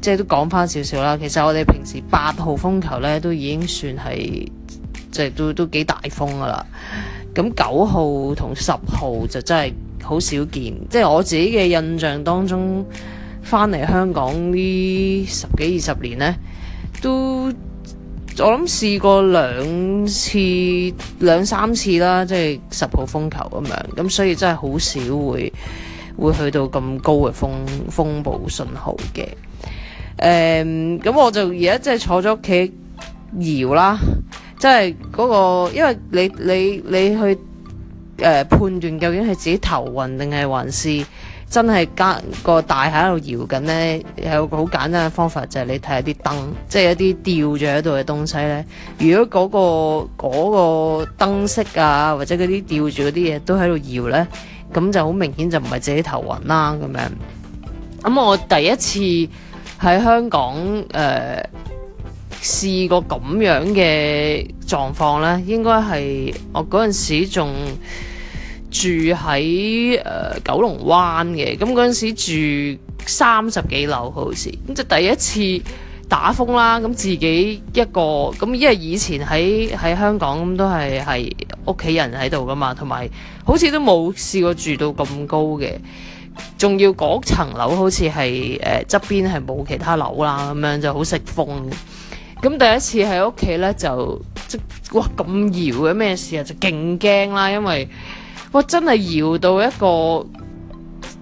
即係都講翻少少啦，其實我哋平時八號風球呢，都已經算係即係都都幾大風噶啦。咁九號同十號就真係好少見，即係我自己嘅印象當中，翻嚟香港呢十幾二十年呢，都我諗試過兩次、兩三次啦，即係十號風球咁樣。咁所以真係好少會會去到咁高嘅風風暴信號嘅。誒咁，嗯、我就而家即係坐咗屋企搖啦，即係嗰個，因為你你你去誒、呃、判斷究竟係自己頭暈定係還，還是真係間個大廈喺度搖緊咧，有個好簡單嘅方法就係、是、你睇下啲燈，即、就、係、是、一啲吊住喺度嘅東西咧。如果嗰、那個嗰、那個燈飾啊，或者嗰啲吊住嗰啲嘢都喺度搖咧，咁就好明顯就唔係自己頭暈啦。咁樣，咁我第一次。喺香港誒、呃、試過咁樣嘅狀況呢，應該係我嗰陣時仲住喺誒、呃、九龍灣嘅，咁嗰陣時住三十幾樓好似，咁就第一次打風啦。咁自己一個，咁因為以前喺喺香港都係係屋企人喺度㗎嘛，同埋好似都冇試過住到咁高嘅。仲要嗰層樓好似係誒側邊係冇其他樓啦，咁樣就好食風。咁第一次喺屋企呢，就即係哇咁搖嘅咩事啊？就勁驚啦，因為哇真係搖到一個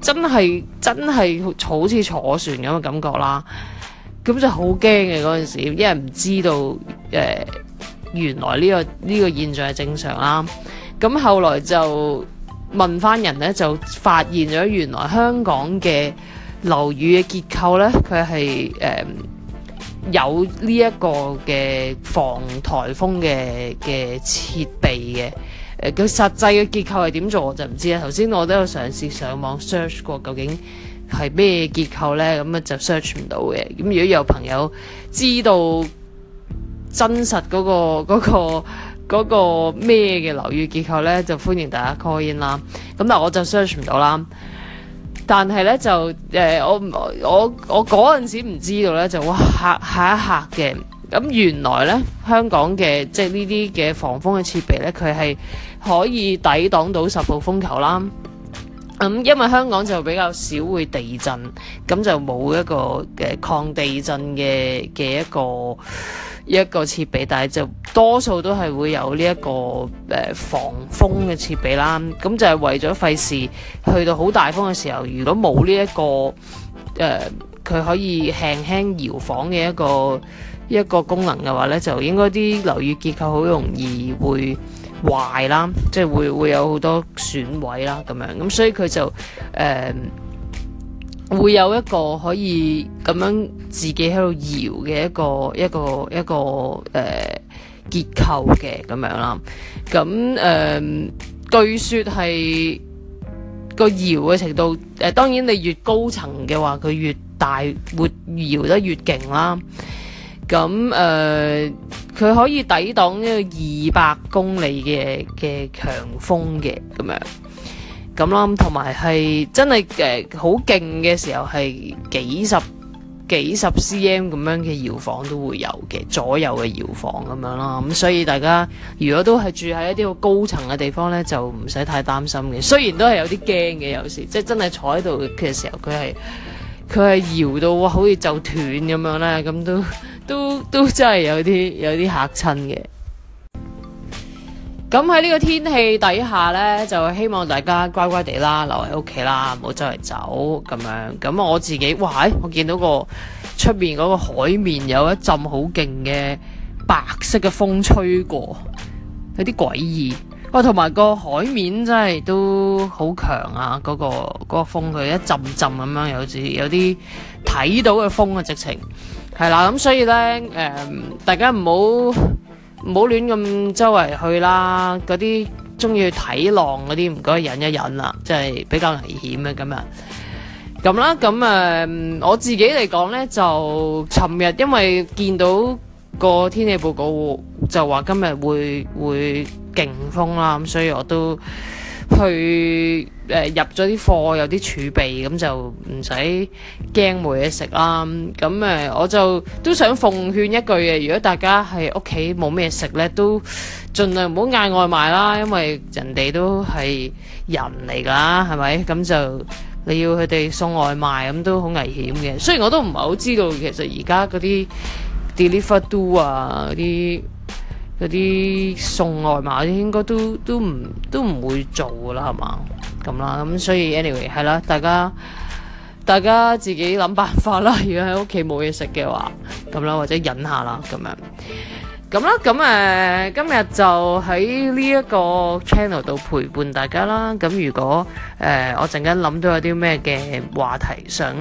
真係真係好似坐船咁嘅感覺啦。咁就好驚嘅嗰陣時，因為唔知道誒、呃、原來呢個呢個現象係正常啦。咁後來就。問翻人咧，就發現咗原來香港嘅樓宇嘅結構咧，佢係誒有呢一個嘅防颱風嘅嘅設備嘅。誒、呃，佢實際嘅結構係點做，我就唔知啦。頭先我都有嘗試上網 search 過，究竟係咩結構咧？咁啊就 search 唔到嘅。咁如果有朋友知道真實嗰個嗰個，嗰個嗰個咩嘅樓宇結構呢，就歡迎大家 call in 啦。咁但我就 search 唔到啦。但係呢，就誒、呃，我我我嗰陣時唔知道呢，就哇嚇嚇一嚇嘅。咁、啊、原來呢，香港嘅即係呢啲嘅防風嘅設備呢，佢係可以抵擋到十號風球啦。咁因為香港就比較少會地震，咁就冇一個嘅、呃、抗地震嘅嘅一個一個設備，但係就多數都係會有呢、這、一個誒、呃、防風嘅設備啦。咁就係為咗費事去到好大風嘅時候，如果冇呢、這個呃、一個誒佢可以輕輕搖晃嘅一個一個功能嘅話呢，就應該啲樓宇結構好容易會壞啦，即係會會有好多損毀啦，咁樣咁所以佢就誒、呃、會有一個可以咁樣自己喺度搖嘅一個一個一個誒、呃、結構嘅咁樣啦，咁誒、呃、據說係個搖嘅程度，誒、呃、當然你越高層嘅話，佢越大會搖得越勁啦。咁誒，佢、嗯、可以抵擋呢個二百公里嘅嘅強風嘅咁樣，咁啦，同埋係真係誒好勁嘅時候係幾十幾十 cm 咁樣嘅搖晃都會有嘅，左右嘅搖晃咁樣啦。咁、嗯、所以大家如果都係住喺一啲好高層嘅地方呢，就唔使太擔心嘅。雖然都係有啲驚嘅，有時即係真係坐喺度嘅時候，佢係佢係搖到哇，好似就斷咁樣啦。咁都～都都真係有啲有啲嚇親嘅，咁喺呢個天氣底下呢，就希望大家乖乖地啦，留喺屋企啦，唔好周圍走咁樣。咁我自己，哇！我見到個出面嗰個海面有一陣好勁嘅白色嘅風吹過，有啲詭異。哇！同埋個海面真係都好強啊，嗰個嗰個風佢一陣陣咁樣，有啲有啲睇到嘅風嘅直情。係啦，咁所以呢，誒，大家唔好唔好亂咁周圍去啦，嗰啲中意去睇浪嗰啲，唔該忍一忍啦，即係比較危險呀咁樣，咁啦，咁誒，我自己嚟講呢，就尋日因為見到個天氣報告就話今日會會勁風啦，咁所以我都。去誒入咗啲貨，有啲儲備，咁就唔使驚冇嘢食啦。咁誒，我就都想奉勸一句嘅，如果大家喺屋企冇咩食咧，都盡量唔好嗌外賣啦，因為人哋都係人嚟㗎啦，係咪？咁就你要佢哋送外賣，咁都好危險嘅。雖然我都唔係好知道，其實而家嗰啲 delivery 啊啲。嗰啲送外賣應該都都唔都唔會做㗎喇，係咪？咁啦，咁所以 anyway 係啦，大家大家自己諗辦法啦。如果喺屋企冇嘢食嘅話，咁啦或者忍下喇咁樣。咁啦，咁誒，今日就喺呢一個 channel 度陪伴大家啦。咁如果誒我陣間諗到有啲咩嘅話題想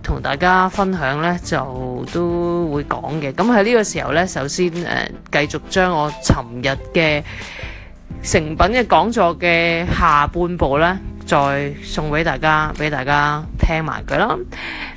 同大家分享咧，就都會講嘅。咁喺呢個時候咧，首先誒繼續將我尋日嘅誠品嘅講座嘅下半部咧，再送俾大家，俾大家聽埋佢啦。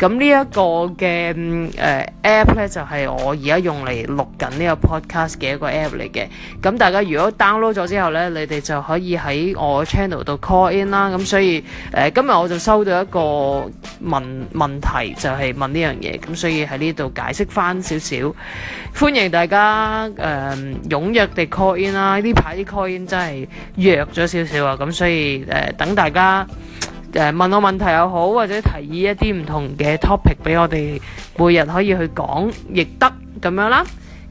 咁呢一個嘅誒 App 呢就係我而家用嚟錄緊呢個 podcast 嘅一個 App 嚟嘅。咁大家如果 download 咗之後咧，你哋就可以喺我 channel 度 call in 啦。咁所以誒今日我就收到一個問問題，就係問呢樣嘢。咁所以喺呢度解釋翻少少，歡迎大家誒踴躍地 call in 啦。呢排啲 call in 真係弱咗少少啊。咁所以誒等大家。誒問我問題又好，或者提議一啲唔同嘅 topic 俾我哋每日可以去講，亦得咁樣啦。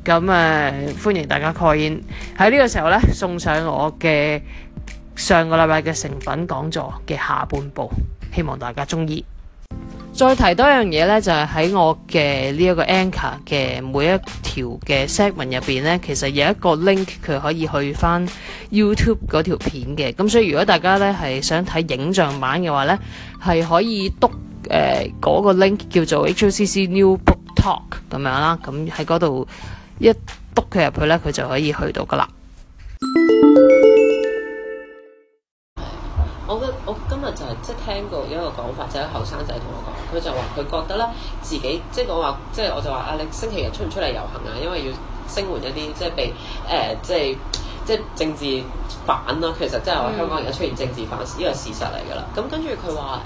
咁誒歡迎大家 call in，喺呢個時候咧，送上我嘅上個禮拜嘅誠品講座嘅下半部，希望大家中意。再提多樣嘢咧，就係、是、喺我嘅呢一個 anchor 嘅每一條嘅 segment 入邊咧，其實有一個 link，佢可以去翻 YouTube 嗰條片嘅。咁所以如果大家咧係想睇影像版嘅話咧，係可以督誒嗰個 link 叫做 HCC New Book Talk 咁樣啦。咁喺嗰度一督佢入去咧，佢就可以去到噶啦。 我嘅我今日就係即係聽過一個講法，就係後生仔同我講，佢就話佢覺得咧自己即係、就是、我話即係我就話啊，你星期日出唔出嚟遊行啊？因為要聲援一啲即係被誒即係即係政治犯啦、啊。其實即係話香港而家出現政治犯呢個事實嚟㗎啦。咁、嗯、跟住佢話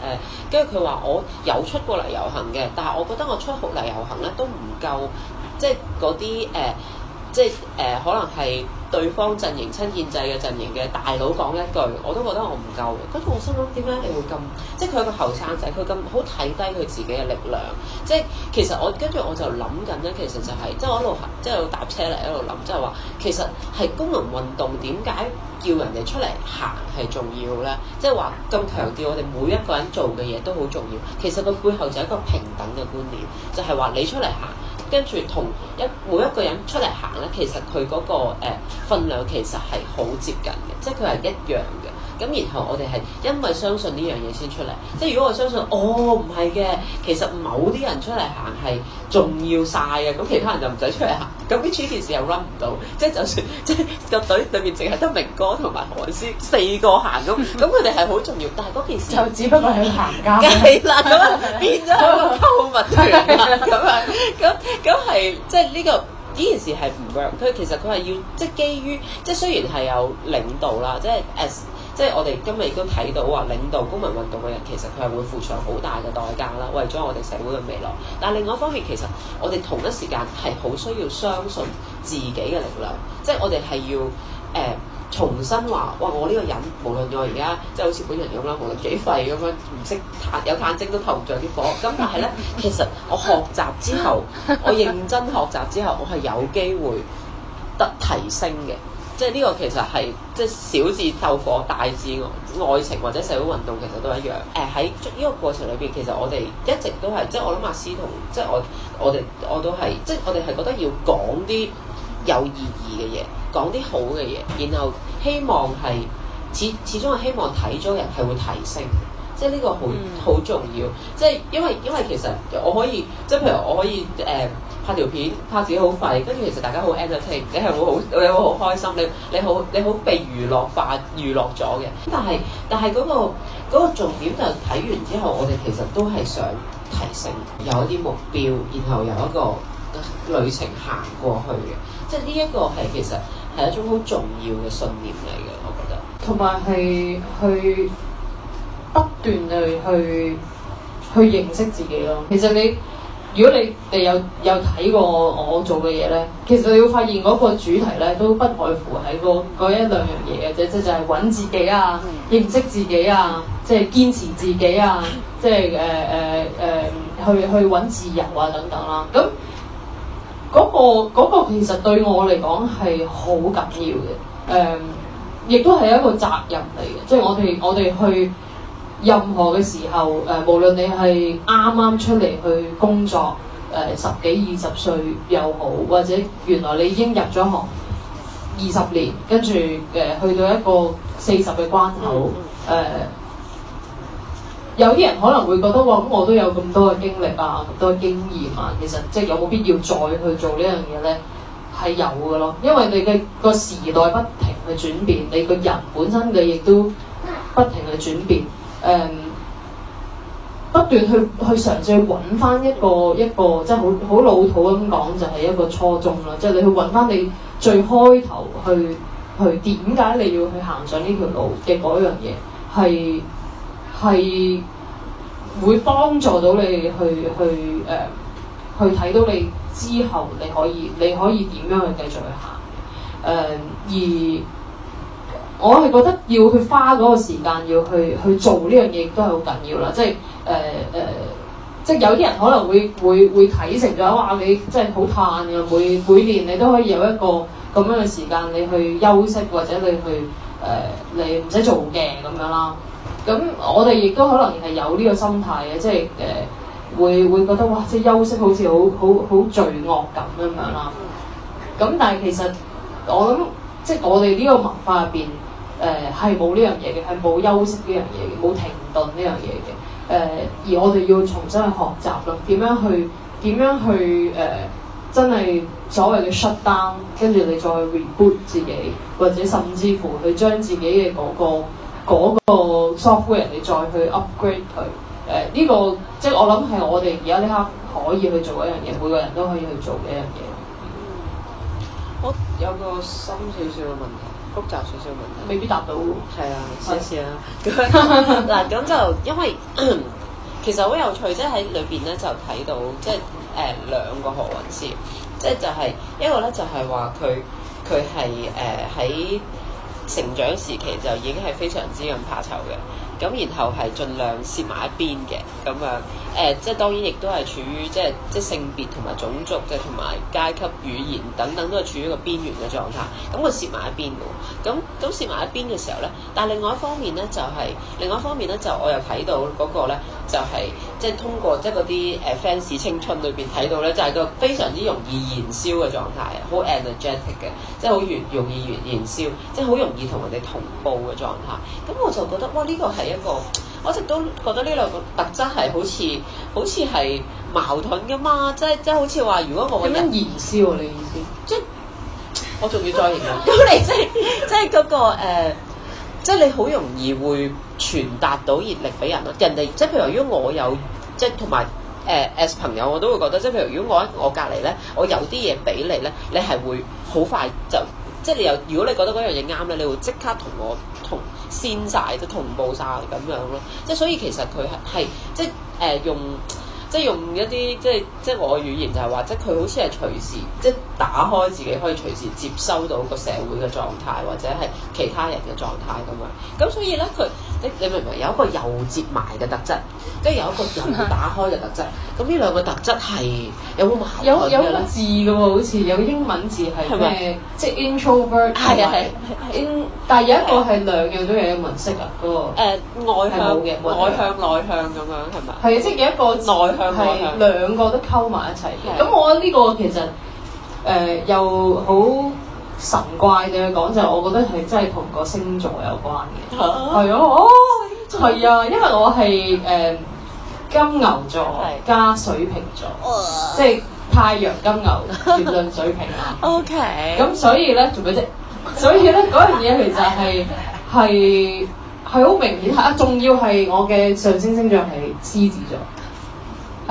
誒，跟住佢話我有出過嚟遊行嘅，但係我覺得我出學嚟遊行咧都唔夠，即係嗰啲誒。呃即係誒、呃，可能係對方陣營親建制嘅陣營嘅大佬講一句，我都覺得我唔夠。跟住我心諗，點解你會咁？即係佢個後生仔，佢咁好睇低佢自己嘅力量。即係其實我跟住我就諗緊咧，其實就係即係一路行，即係搭車嚟一路諗，即係話、就是、其實係工人運動點解叫人哋出嚟行係重要咧？即係話咁強調我哋每一個人做嘅嘢都好重要。其實個背後就係一個平等嘅觀念，就係、是、話你出嚟行。跟住同一每一個人出嚟行咧，其實佢、嗰個誒、呃、分量，其實係好接近嘅，即係佢係一樣嘅。咁然後我哋係因為相信呢樣嘢先出嚟，即係如果我相信，哦唔係嘅，其實某啲人出嚟行係重要晒嘅，咁其他人就唔使出嚟行，咁呢件事又 run 唔到，即係就算即係個隊裏面淨係得明哥同埋韓師四個行咁，咁佢哋係好重要，但係嗰件事就只不過係行街啦，咁 變咗係購物團啦，咁咁咁係即係呢、這個呢件事係唔 run 佢其實佢係要即係基於即係雖然係有領導啦，即係 as 即係我哋今日亦都睇到話，領導公民運動嘅人其實佢係會付上好大嘅代價啦，為咗我哋社會嘅未來。但係另外一方面，其實我哋同一時間係好需要相信自己嘅力量。即係我哋係要誒、呃、重新話哇，我呢個人無論我而家即係好似本人咁啦，無論幾廢咁樣唔識炭有炭精都投唔著啲火。咁但係咧，其實我學習之後，我認真學習之後，我係有機會得提升嘅。即係呢個其實係即係小至鬥火，大至愛情或者社會運動其實都一樣。誒，喺呢個過程裏邊，其實我哋一直都係即係我諗阿斯同即係我我哋我都係即係我哋係覺得要講啲有意義嘅嘢，講啲好嘅嘢，然後希望係始始終係希望睇咗人係會提升，即係呢個好好、嗯、重要。即係因為因為其實我可以即係譬如我可以誒。呃拍條片，拍自己好廢。跟住其實大家好 e n t e r t a i n i n 你係會好，你會好開心。你你好，你好被娛樂化、娛樂咗嘅。但係，但係嗰、那個那個重點就係睇完之後，我哋其實都係想提升，有一啲目標，然後有一個旅程行過去嘅。即係呢一個係其實係一種好重要嘅信念嚟嘅，我覺得。同埋係去不斷去去去認識自己咯。其實你。如果你哋有有睇過我，我做嘅嘢咧，其實你會發現嗰個主題咧都不外乎係嗰一兩樣嘢嘅啫，即係揾自己啊，嗯、認識自己啊，即係堅持自己啊， 即係誒誒誒去去揾自由啊等等啦。咁嗰個嗰個其實對我嚟講係好緊要嘅，誒、呃、亦都係一個責任嚟嘅，即、就、係、是、我哋、嗯、我哋去。任何嘅時候，誒、呃，無論你係啱啱出嚟去工作，誒、呃，十幾二十歲又好，或者原來你已經入咗行二十年，跟住誒、呃、去到一個四十嘅關口，誒、嗯呃，有啲人可能會覺得話，咁、嗯、我都有咁多嘅經歷啊，咁多經驗啊，其實即係有冇必要再去做呢樣嘢咧？係有嘅咯，因為你嘅、這個時代不停去轉變，你個人本身你亦都不停去轉變。誒、嗯、不斷去去嘗試去揾翻一個一個，即係好好老土咁講，就係一個初衷啦。即係你去揾翻你最開頭去去點解你要去行上呢條路嘅嗰樣嘢，係係會幫助到你去去誒、呃、去睇到你之後你可以你可以點樣去繼續去行誒、呃、而。我係覺得要去花嗰個時間要去去做呢樣嘢，亦都係好緊要啦。即係誒誒，即係有啲人可能會會會睇成咗哇！你即係好嘆嘅，每每年你都可以有一個咁樣嘅時間，你去休息或者你去誒、呃、你唔使做嘅咁樣啦。咁我哋亦都可能係有呢個心態嘅，即係誒、呃、會會覺得哇！即係休息好似好好好罪惡咁咁樣啦。咁但係其實我諗即係我哋呢個文化入邊。誒，係冇呢樣嘢嘅，係冇休息呢樣嘢嘅，冇停頓呢樣嘢嘅。誒、呃，而我哋要重新去學習咯，點樣去點樣去誒、呃、真係所謂嘅 shut down 跟住你再 reboot 自己，或者甚至乎去將自己嘅嗰個嗰個 software 人哋再去 upgrade 佢。誒、呃、呢個即係、就是、我諗係我哋而家呢刻可以去做一樣嘢，每個人都可以去做呢一樣嘢。嗯，我有個深少少嘅問題。複雜少少問題，未必答到。係啊，試一試啦、啊。嗱，咁就因為其實好有趣，即係喺裏邊咧就睇、是、到，即係誒兩個何韻詩，即係就係、是、一個咧就係話佢佢係誒喺成長時期就已經係非常之咁怕醜嘅。咁然後係盡量攝埋一邊嘅咁樣，誒、呃、即係當然亦都係處於即係即係性別同埋種族嘅同埋階級語言等等都係處於一個邊緣嘅狀態，咁佢攝埋一邊嘅，咁咁攝埋一邊嘅時候咧，但係另外一方面咧就係、是、另外一方面咧就我又睇到嗰個咧就係、是。即係通過即係嗰啲誒 fans 青春裏邊睇到咧，就係個非常之容易燃燒嘅狀態，好 energetic 嘅，即係好易容易燃燒，即係好容易同人哋同步嘅狀態。咁我就覺得，哇！呢、這個係一個，我一直都覺得呢兩個特質係好似好似係矛盾嘅嘛。即係即係好似話，如果我點樣燃燒你意思？即係 我仲要再形容。咁 你即係即係、那、嗰個、呃、即係你好容易會。傳達到熱力俾人咯，人哋即係譬如，如果我有即係同埋誒，as 朋友我都會覺得，即係譬如如果我喺我隔離咧，我有啲嘢俾你咧，你係會好快就即係你又如果你覺得嗰樣嘢啱咧，你會即刻同我同先晒，即同步晒，咁樣咯。即係所以其實佢係即係誒、呃、用即係用一啲即係即係我嘅語言就係、是、話，即係佢好似係隨時即係打開自己，可以隨時接收到個社會嘅狀態，或者係其他人嘅狀態咁樣。咁所以咧，佢。你明唔明？有一個又折埋嘅特質，即係有一個又打開嘅特質。咁呢兩個特質係有有有，有個字嘅喎，好似有英文字係咪？嗎即係 introvert 同係啊係。但係有一個係兩樣都有嘅文式啊，嗰、那個、呃。外向嘅。外向內向咁樣係咪？係啊，即係一個內向內向。嗎個兩個都溝埋一齊嘅。咁嗎我覺得呢個其實誒、呃、又好。神怪嘅講就，我覺得係真係同個星座有關嘅。係啊，哦，係啊，因為我係誒、呃、金牛座加水瓶座，的即係太陽金牛，月亮水瓶啊。 OK，咁所以咧做咩啫？所以咧嗰樣嘢其實係係係好明顯，啊！仲要係我嘅上升星座，係獅子座。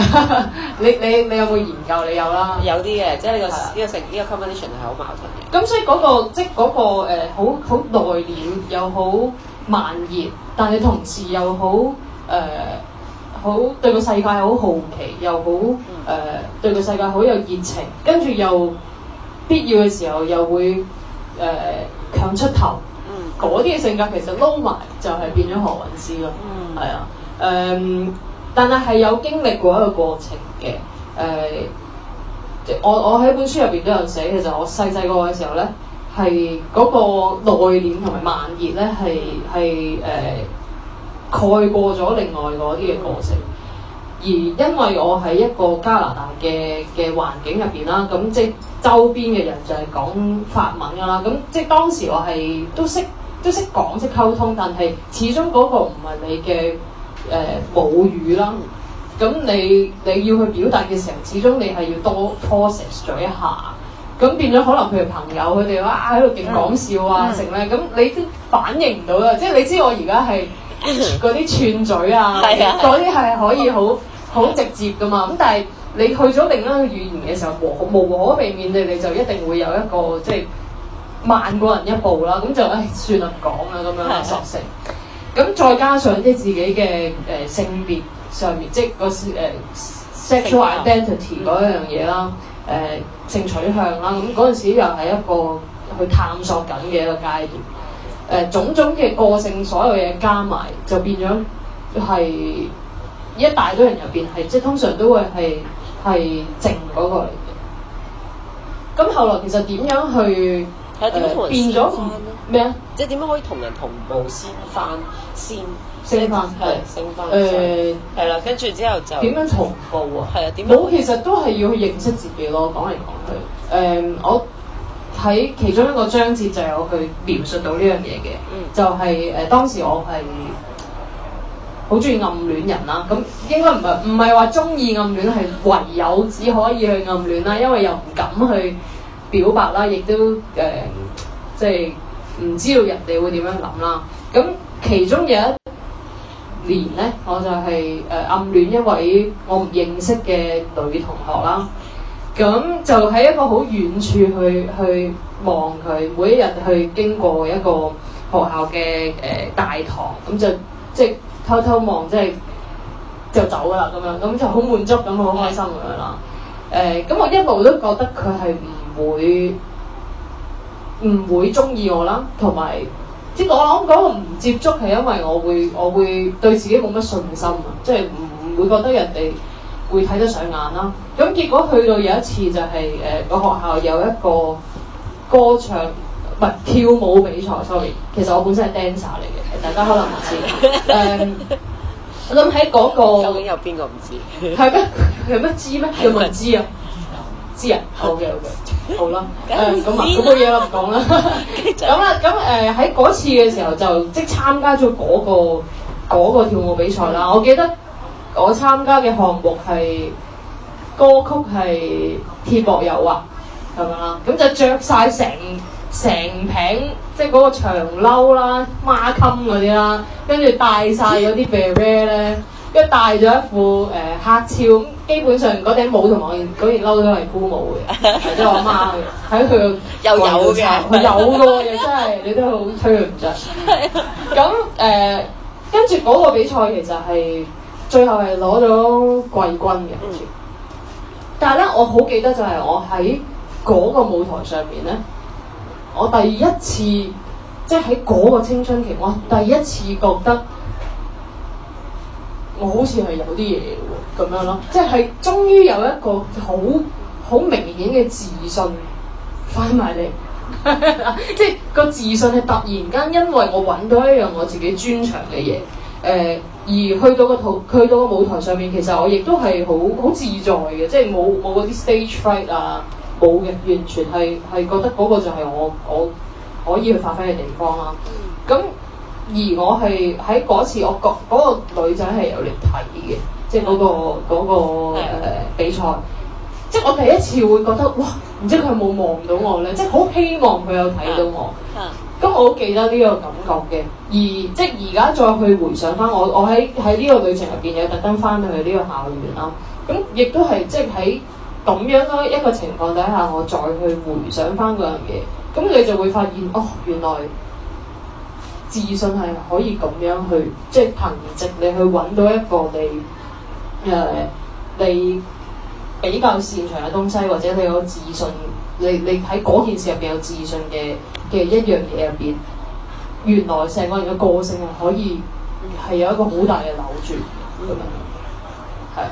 你你你有冇研究？你有啦，有啲嘅，即係呢、這個呢的、這個性呢、這個 combination 係好矛盾嘅。咁所以嗰、那個即係嗰個好好內斂，又好慢熱，但係同時又好誒好對個世界好好奇，又好誒、呃、對個世界好有熱情，跟住又必要嘅時候又會誒強、呃、出頭。嗰啲嘅性格其實撈埋就係變咗何韻詩咯，係啊、嗯，誒。嗯但係係有經歷過一個過程嘅，誒、呃，我我喺本書入邊都有寫，其實我細細個嘅時候咧，係嗰個內斂同埋慢熱咧，係係誒蓋過咗另外嗰啲嘅過程。嗯、而因為我喺一個加拿大嘅嘅環境入邊啦，咁即係周邊嘅人就係講法文噶啦，咁即係當時我係都識都識講，識、就係、溝通，但係始終嗰個唔係你嘅。誒、呃、母語啦，咁、嗯、你你要去表達嘅時候，始終你係要多 process 咗一下，咁變咗可能佢哋朋友佢哋話啊喺度勁講笑啊，嗯、成咧，咁你都反應唔到啦，即、就、係、是、你知我而家係嗰啲串嘴啊，嗰啲係可以好好、嗯、直接噶嘛，咁但係你去咗另一個語言嘅時候，無無可避免地你就一定會有一個即係、就是、慢過人一步啦，咁就誒、哎、算啦，唔講啦，咁樣、嗯、樣索性。咁再加上啲自己嘅誒、呃、性別上面，即係個誒 sexual identity 嗰一樣嘢啦，誒、呃、性取向啦，咁嗰陣時又係一個去探索緊嘅一個階段。誒種種嘅個性所有嘢加埋，就變咗係一大堆人入邊係，即係通常都會係係靜嗰個嚟嘅。咁後來其實點樣去？係、呃、變咗咩啊？即係點樣可以同人同步先翻，先翻係升翻誒係啦，跟住之後就點樣同步啊？係啊、呃，點樣？我其實都係要去認識自己咯。講嚟講去誒、呃，我喺其中一個章節就有去描述到呢樣嘢嘅，嗯、就係、是、誒、呃、當時我係好中意暗戀人啦。咁應該唔係唔係話中意暗戀，係唯有只可以去暗戀啦，因為又唔敢去。表白、呃、啦，亦都誒即係唔知道人哋會點樣諗啦。咁其中有一年咧，我就係、是、誒、呃、暗戀一位我唔認識嘅女同學啦。咁就喺一個好遠處去去望佢，每一日去經過一個學校嘅誒、呃、大堂，咁就即係偷偷望，即、就、係、是、就走噶啦咁樣，咁就好滿足，咁好開心咁樣啦。誒、嗯、咁、呃、我一路都覺得佢係唔～會唔會中意我啦？同埋即係我諗嗰個唔接觸係因為我會我會對自己冇乜信心啊！即係唔會覺得人哋會睇得上眼啦。咁結果去到有一次就係誒個學校有一個歌唱唔係、呃、跳舞比賽，sorry。其實我本身係 dancer 嚟嘅，大家可能唔知。誒、 嗯，我諗喺嗰個究竟有邊個唔知？係咩有乜知咩？有冇人知啊？ 知人，好嘅好嘅好啦。誒，咁啊，嗰堆嘢啦，唔講啦，咁啦，咁，誒喺嗰次嘅時候就即係參加咗嗰個嗰個跳舞比賽啦，我記得我參加嘅項目係歌曲係鐵博有啊，咁樣啦，咁就著曬成成平即係嗰個長褸啦、孖襟嗰啲啦，跟住戴曬嗰啲 ballet。跟住戴咗一副誒、呃、黑超，基本上嗰頂帽同埋我嗰件褸都係孤帽嘅，係即係我阿媽喺佢又有嘅，有嘅又真係 你都好推唔著。咁誒， 呃、 跟住嗰個比賽其實係最後係攞咗季軍嘅，嗯、但係咧我好記得就係我喺嗰個舞台上面咧，我第一次即係喺嗰個青春期，我第一次覺得。我好似係有啲嘢喎，咁樣咯，即係終於有一個好好明顯嘅自信，返埋嚟， 即係、這個自信係突然間，因為我揾到一樣我自己專長嘅嘢，誒、呃，而去到，去到個舞台上面，其實我亦都係好好自在嘅，即係冇冇嗰啲 stage fright 啊，冇嘅，完全係係覺得嗰個就係我我可以去發揮嘅地方啦、啊，咁、嗯。嗯而我係喺嗰次，我覺嗰個女仔係有嚟睇嘅，即係嗰個嗰個誒比賽，即係我第一次會覺得哇，唔知佢有冇望到我咧，即係好希望佢有睇到我。咁我好記得呢個感覺嘅。而即係而家再去回想翻我，我喺喺呢個旅程入邊有特登翻去呢個校園啦。咁亦都係即係喺咁樣一個情況底下，我再去回想翻嗰樣嘢，咁你就會發現哦，原來，自信係可以咁樣去，即係憑藉你去揾到一個你誒，uh, 你比較擅長嘅東西，或者你有自信，你你喺嗰件事入邊有自信嘅嘅一樣嘢入邊，原來成個人嘅個性係可以係有一個好大嘅扭轉，係、mm。Hmm.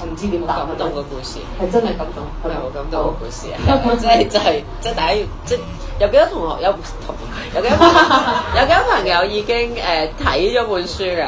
我唔知點解感動個故事，係真係感動，係冇感動個故事啊、 即係！即係即係即第一，即、即係、有幾多同學有同？有幾多朋友有幾多朋友已經誒睇咗本書㗎？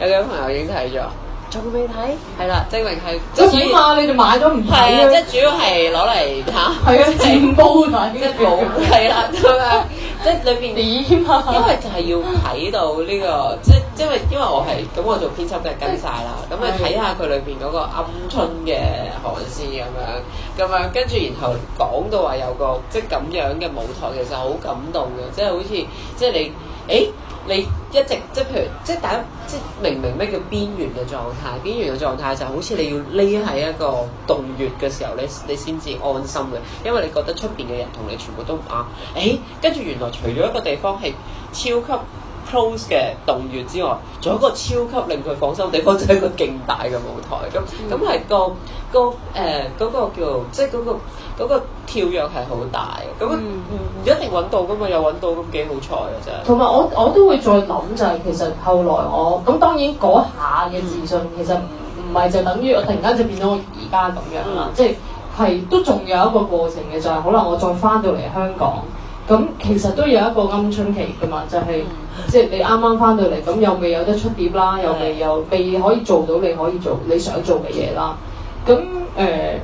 有幾多朋友已經睇咗？仲未睇？係啦，證明係。點啊？你哋買咗唔係啊？即係主要係攞嚟嚇，展播台冇。係啦，咁啊，即係裏邊點啊？因為就係要睇到呢個，即係因為因為我係咁， 我做編輯嘅跟晒啦。咁啊，睇下佢裏邊嗰個暗春嘅寒線咁樣，咁啊，跟住然後講到話有個即係咁樣嘅舞台，其實好感動嘅，即係好似即係你，哎。你一直即係譬如即大家即明明咩叫邊緣嘅狀態，邊緣嘅狀態就好似你要匿喺一個洞穴嘅時候咧，你先至安心嘅，因為你覺得出邊嘅人同你全部都唔啱，啊。誒，哎，跟住原來除咗一個地方係超級。close 嘅動員之外，仲有一個超級令佢放心嘅地方，就係、是、一個勁大嘅舞台咁。咁係 個個誒嗰、呃那個叫即係嗰、那個那個跳躍係好大咁，唔一定揾到噶嘛，又揾到咁幾好彩啊！真同埋我我都會再諗就係、是、其實後來我咁當然嗰下嘅自信其實唔唔係就等於我突然間就變到我而家咁樣啦，即係係都仲有一個過程嘅，就係、是、可能我再翻到嚟香港咁，其實都有一個鵪鶉期㗎嘛，就係、是。嗯即係你啱啱翻到嚟，咁又未有得出碟啦，又未有未可以做到你可以做你想做嘅嘢啦。咁誒、呃，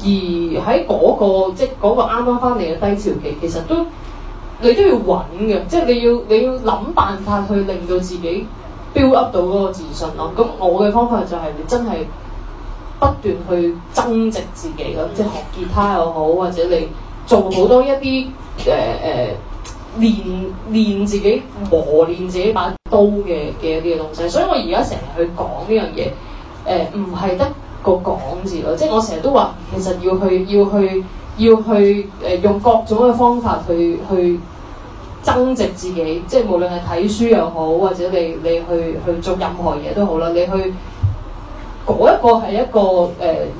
而喺嗰、嗰個即係嗰個啱啱翻嚟嘅低潮期，其實都你都要揾嘅，即係你要你要諗辦法去令到自己 build up 到嗰個自信咯。咁我嘅方法就係你真係不斷去增值自己咯，即係學吉他又好，或者你做好多一啲誒誒。呃呃練練自己，磨練自己把刀嘅嘅一啲嘅東西，所以我而家成日去講呢樣嘢，誒唔係得個講字咯，即係我成日都話其實要去要去要去誒、呃、用各種嘅方法去去增值自己，即係無論係睇書又好，或者你你去去做任何嘢都好啦，你去。嗰一個係一個誒，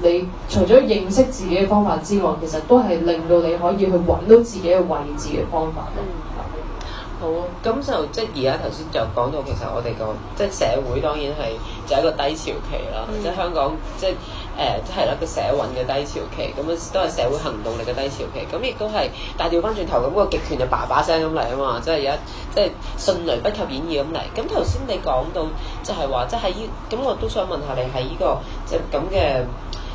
你除咗認識自己嘅方法之外，其實都係令到你可以去揾到自己嘅位置嘅方法咯、嗯。好、啊，咁就即係而家頭先就講到，其實我哋個即係社會當然係就係一個低潮期啦，嗯、即係香港即係。誒，都係啦，個社運嘅低潮期，咁啊都係社會行動力嘅低潮期，咁亦都係，但係調翻轉頭，咁個極權就叭叭聲咁嚟啊嘛，即係一即係迅雷不及掩耳咁嚟。咁頭先你講到、就係話，即係話，即係呢，咁我都想問下你，喺呢個即係咁嘅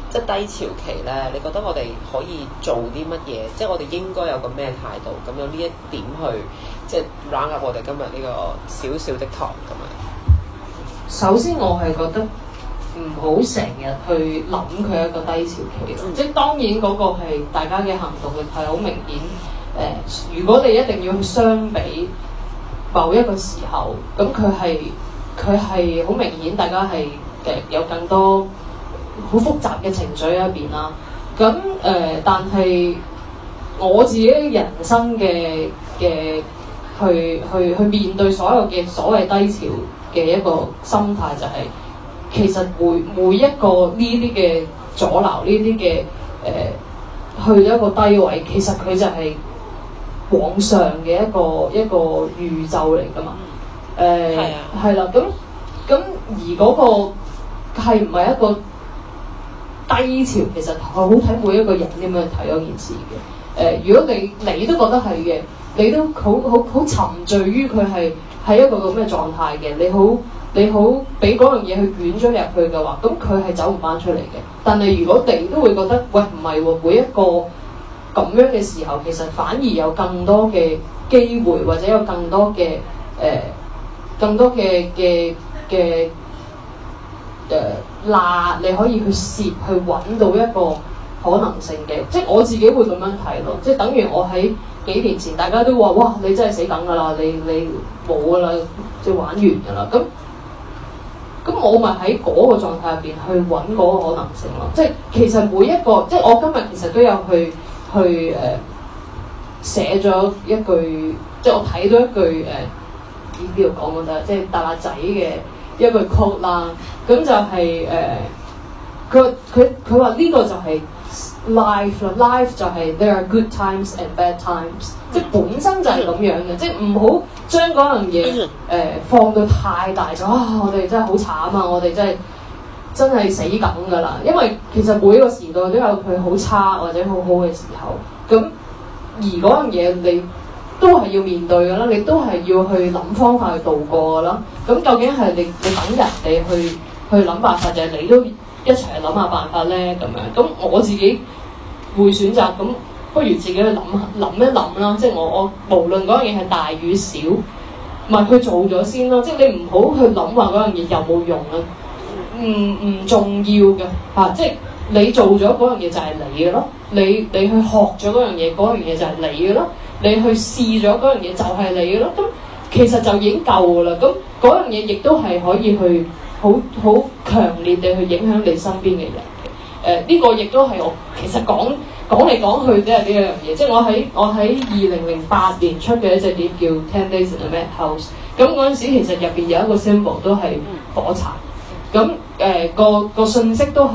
即係低潮期咧，你覺得我哋可以做啲乜嘢？即係我哋應該有個咩態度？咁有呢一點去即係攬入我哋今日呢個小小的堂咁啊。首先，我係覺得。唔好成日去諗佢一個低潮期，即係當然嗰個係大家嘅行動力係好明顯。誒、呃，如果你一定要去相比某一個時候，咁佢係佢係好明顯，大家係誒有更多好複雜嘅情緒喺入邊啦。咁誒、呃，但係我自己人生嘅嘅去去去面對所有嘅所謂低潮嘅一個心態就係、是。其實每每一個呢啲嘅阻滯、呢啲嘅誒去一個低位，其實佢就係往上嘅一個一個宇宙嚟㗎嘛。誒係啊、係啦，咁咁、啊、而嗰個係唔係一個低潮？其實好睇每一個人點樣睇嗰件事嘅。誒、呃，如果你你都覺得係嘅，你都好好好沉醉於佢係喺一個咁嘅狀態嘅，你好。你好，俾嗰樣嘢去捲咗入去嘅話，咁佢係走唔返出嚟嘅。但係如果你都會覺得，喂唔係喎，每一個咁樣嘅時候，其實反而有更多嘅機會，或者有更多嘅誒、呃，更多嘅嘅嘅誒罅，你可以去攝，去揾到一個可能性嘅。即係我自己會咁樣睇咯，即係等於我喺幾年前大家都話，哇！你真係死梗㗎啦，你你冇㗎啦，即係玩完㗎啦。咁咁我咪喺嗰個狀態入邊去揾嗰個可能性咯，即係其實每一個，即係我今日其實都有去去誒、呃、寫咗一句，即係我睇咗一句誒邊度講嘅啫，即係達拉仔嘅一句曲 u o 啦，咁就係誒佢佢佢話呢個就係、是。life life 就係 there are good times and bad times，即本身就係咁樣嘅，即係唔好將嗰樣嘢誒放到太大咗。哦、啊，我哋真係好慘啊，我哋真係真係死梗㗎啦。因為其實每個時代都有佢好差或者好好嘅時候，咁而嗰樣嘢你都係要面對㗎啦，你都係要去諗方法去度過㗎啦。咁究竟係你你等人哋去去諗辦法，定係你都一齊諗下辦法咧？咁樣咁我自己。會選擇咁，不如自己去諗諗一諗啦。即係我我無論嗰樣嘢係大與小，咪去做咗先咯。即係你唔好去諗話嗰樣嘢有冇用啊，唔唔重要嘅吓。即係你做咗嗰樣嘢就係你嘅咯，你你去學咗嗰樣嘢，嗰樣嘢就係你嘅咯，你去試咗嗰樣嘢就係你嘅咯。咁其實就已經夠啦。咁嗰樣嘢亦都係可以去好好強烈地去影響你身邊嘅人。誒呢、呃這個亦都係我其實講講嚟講去都係呢樣嘢，即係我喺我喺二零零八年出嘅一隻碟叫 Ten Days in the Mad House，咁嗰陣時其實入邊有一個 symbol 都係火柴，咁誒個個信息都係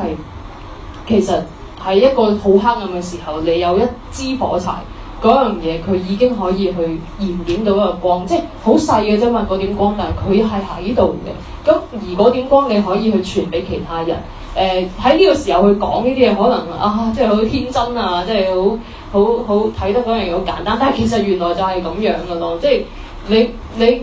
其實喺一個好黑暗嘅時候，你有一支火柴嗰樣嘢，佢已經可以去燃點到一個光，即係好細嘅啫嘛，嗰點光啊，但佢係喺度嘅，咁而嗰點光你可以去傳俾其他人。誒喺呢個時候去講呢啲嘢，可能啊，即係好天真啊，即係好好好睇得嗰樣嘢好簡單，但係其實原來就係咁樣噶咯，即係你你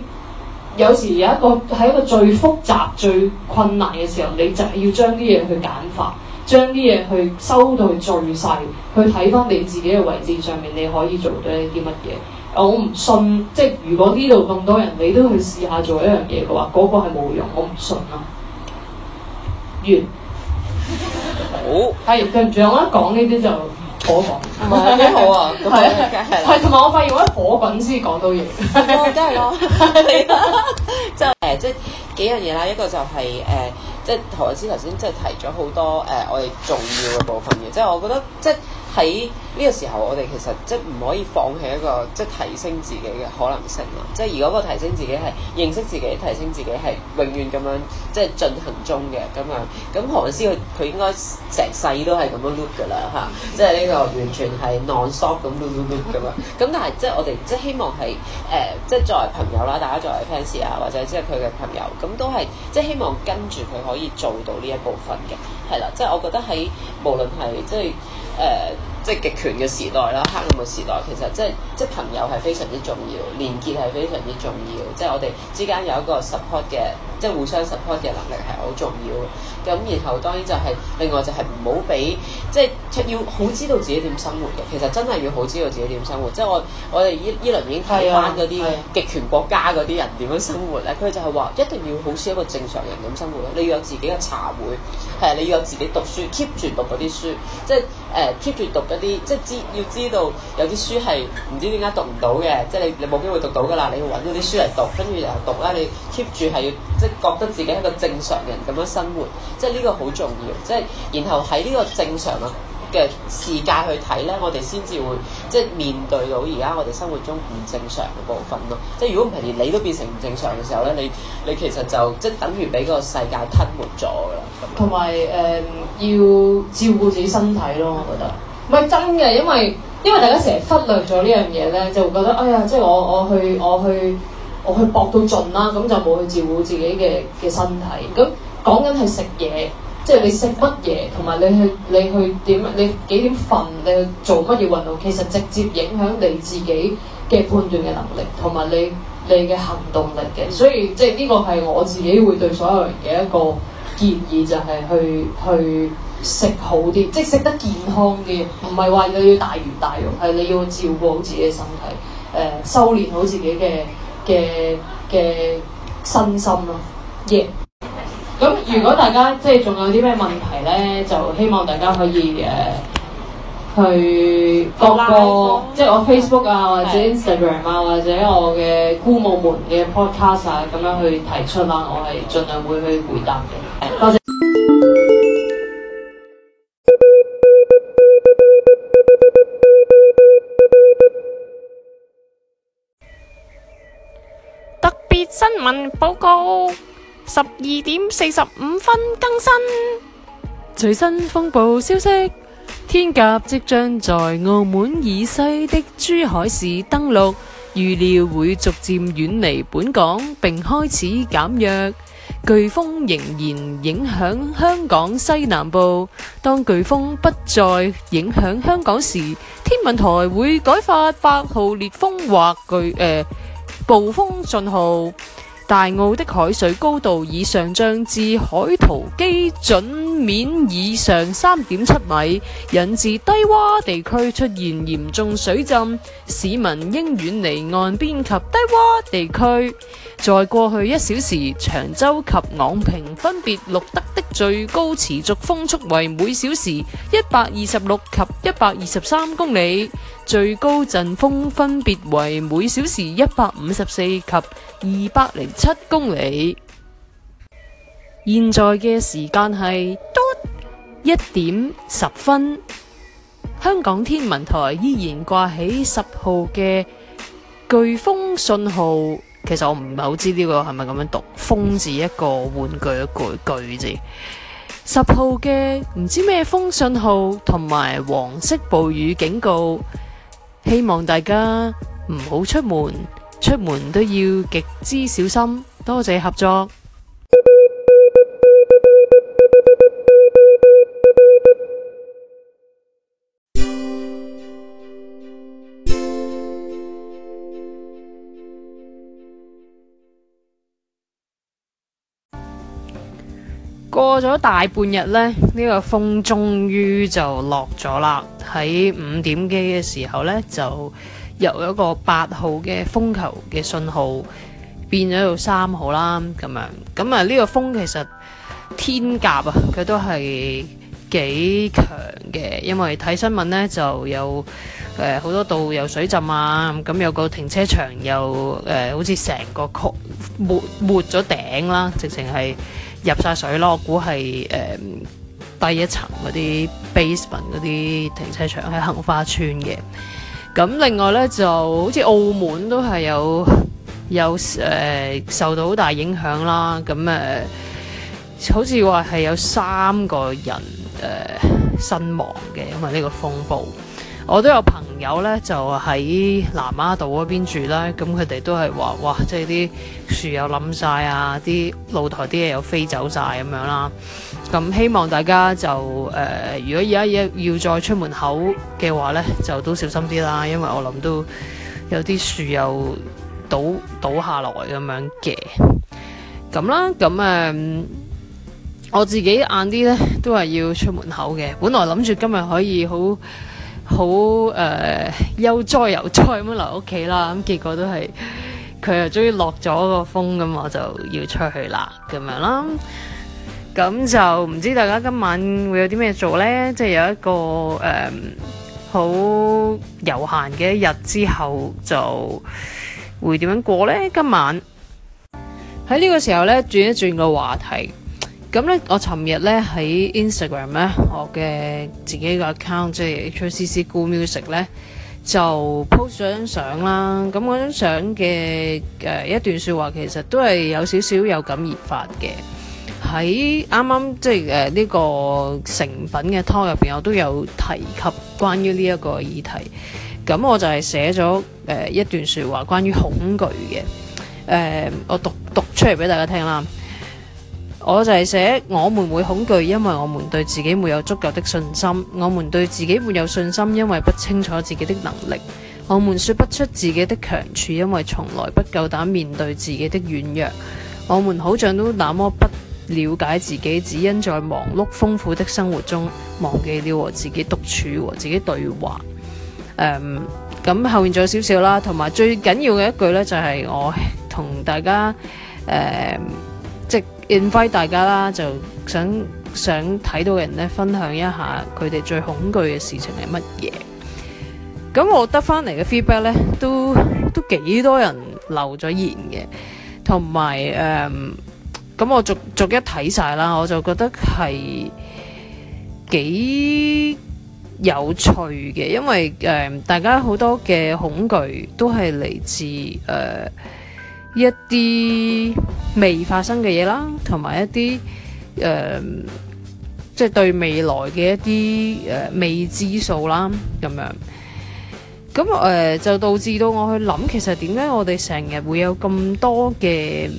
有時有一個喺一個最複雜、最困難嘅時候，你就係要將啲嘢去簡化，將啲嘢去收到去最細，去睇翻你自己嘅位置上面，你可以做到一啲乜嘢？我唔信，即係如果呢度咁多人，你都去試下做一樣嘢嘅話，嗰個係冇用，我唔信啊！完。好，係對唔住，我一講呢啲就火滾，幾 好啊！係、就是、啊，係同埋我發現我一火滾先講到嘢，真係咯，就誒，即係幾樣嘢啦、啊，一個就係、是、誒，即、呃、係、就是、陶樂詩頭先即係提咗好多誒，我哋重要嘅部分嘅，即、就、係、是、我覺得即係。喺呢個時候，我哋其實即係唔可以放棄一個即係提升自己嘅可能性咯。即係如果個提升自己係認識自己、提升自己係永遠咁樣即係進行中嘅咁樣，咁何師佢佢應該成世都係咁樣 look 噶啦嚇。即係呢個完全係 non stop 咁咁樣。咁但係即係我哋即係希望係誒、呃，即係作為朋友啦，大家作為 fans 啊，或者即係佢嘅朋友，咁都係即係希望跟住佢可以做到呢一部分嘅。係啦，即係、就是、我覺得喺無論係，即係誒。呃即係極權嘅時代啦，黑暗嘅時代，其實即係即係朋友係非常之重要，連結係非常之重要，即係我哋之間有一個 support 嘅，即係互相 support 嘅能力係好重要嘅。咁然後當然就係、是、另外就係唔好俾，即係要好知道自己點生活嘅。其實真係要好知道自己點生活。即係我我哋依依輪已經睇翻嗰啲極權國家嗰啲人點樣生活咧。佢、啊啊、就係話一定要好似一個正常人咁生活。你要有自己嘅茶會，係啊，你要有自己讀書，keep 住讀嗰啲書，即係。誒 keep 住讀一啲，即係知要知道有啲書係唔知點解讀唔到嘅，即係你你冇機會讀到㗎啦，你要搵到啲書嚟讀，跟住又讀啦。你 keep 住係要，即係覺得自己係一個正常人咁樣生活，即係呢個好重要。即係然後喺呢個正常嘅視界去睇咧，我哋先至會。即係面對到而家我哋生活中唔正常嘅部分咯，即係如果唔係你都變成唔正常嘅時候咧，你你其實就即係等於俾個世界吞沒咗咯。同埋誒，要照顧自己身體咯，我覺得。唔係真嘅，因為因為大家成日忽略咗呢樣嘢咧，就會覺得哎呀，即係我我去我去我去搏到盡啦，咁就冇去照顧自己嘅嘅身體。咁講緊係食嘢。即係你食乜嘢，同埋你去你去點，你幾點瞓，你去做乜嘢運動，其實直接影響你自己嘅判斷嘅能力，同埋你你嘅行動力嘅。所以即係呢個係我自己會對所有人嘅一個建議，就係去去食好啲，即係食得健康啲，唔係話你要大魚大肉，係你要照顧好自己嘅身體，誒，修煉好自己嘅嘅嘅身心咯，耶！咁如果大家即係仲有啲咩問題咧，就希望大家可以誒去各個，即係我 Facebook 啊，或者 Instagram 啊，或者我嘅菇武門嘅 podcast 啊咁樣去提出啦，啊，我係盡量會去回答嘅。多謝。特別新聞報告。十二點四十五分更新。最新風暴消息，天鴿即將在澳門以西的珠海市登陸，預料會逐漸遠離本港並開始減弱。颶風仍然影響香港西南部。當颶風不再影響香港時，天文台會改發八號烈風或巨，呃，暴風信號。大澳的海水高度已上漲至海圖基準面以上三點七米，引致低洼地區出現嚴重水浸。市民應遠離岸邊及低窪地區。在過去一小時，長洲及昂坪分別錄得的最高持續風速為每小時一百二十六及一百二十三公里。最高陣風分別為每小時一百五十四及二百零七公里。現在嘅時間係多一點十分。香港天文台依然掛起十號嘅颶風信號。其實我唔係好知呢個係咪咁樣讀“風”字一個玩具一個句句”字。十號嘅唔知咩風信號同埋黃色暴雨警告。希望大家唔好出門，出門都要極之小心。多謝合作。過咗大半日呢，呢、這個風終於就落咗啦。喺五點幾嘅時候呢，就由一個八號嘅風球嘅信號變咗到三號啦。咁樣咁啊，呢、這個風其實天鴿啊，佢都係幾強嘅。因為睇新聞呢就有誒好、呃、多度有水浸啊。咁、嗯、有個停車場又誒、呃，好似成個 collapse 咗頂啦、啊，直情係。入晒水咯，我估係誒低一層嗰啲 basement 嗰啲停車場喺杏花村嘅。咁另外咧，就好似澳門都係有有誒、呃、受到好大影響啦。咁誒、呃，好似話係有三個人誒、呃、身亡嘅，因為呢個風暴。我都有朋友呢，就喺南丫島嗰邊住啦，咁佢哋都係話，哇，即係啲樹又冧晒啊，啲露台啲嘢又飛走晒咁樣啦。咁希望大家就誒、呃，如果而家要要再出門口嘅話呢，就都小心啲啦，因為我諗都有啲樹又倒倒下來咁樣嘅。咁啦，咁誒、嗯，我自己晏啲呢，都係要出門口嘅，本來諗住今日可以好。好誒、呃、悠哉悠哉咁樣留屋企啦，咁結果都係佢又終於落咗個風，咁我就要出去啦，咁樣啦。咁就唔知大家今晚會有啲咩做呢？即係有一個誒、呃、好悠閒嘅一日之後，就會點樣過呢？今晚喺呢個時候呢，轉一轉個話題。咁咧，我尋日咧喺 Instagram 咧，我嘅自己個 account 即係 HCC Goo Music 咧，就 post 咗張相啦。咁嗰張相嘅誒一段説話，其實都係有少少有感而發嘅。喺啱啱即係誒呢個誠品嘅 talk 入邊，我都有提及關於呢一個議題。咁我就係寫咗誒一段説話關於，關於恐懼嘅。誒，我讀讀出嚟俾大家聽啦。我就係寫我們會恐懼，因為我們對自己沒有足夠的信心。我們對自己沒有信心，因為不清楚自己的能力。我們說不出自己的強處，因為從來不夠膽面對自己的軟弱。我們好像都那麼不了解自己，只因在忙碌豐富的生活中，忘記了和自己獨處和自己對話。咁、um, 後面仲有少少啦，同埋最緊要嘅一句呢，就係、是、我同大家、um, invite 大家啦，就想想睇到嘅人咧，分享一下佢哋最恐懼嘅事情係乜嘢。咁我得翻嚟嘅 feedback 咧，都都幾多人留咗言嘅，同埋誒，咁、呃、我逐逐一睇晒啦，我就覺得係幾有趣嘅，因為誒、呃、大家好多嘅恐懼都係嚟自誒。呃一啲未發生嘅嘢啦，同埋一啲誒、即、呃、係、就是、對未來嘅一啲誒、呃、未知數啦，咁樣。咁誒、呃、就導致到我去諗，其實點解我哋成日會有咁多嘅誒、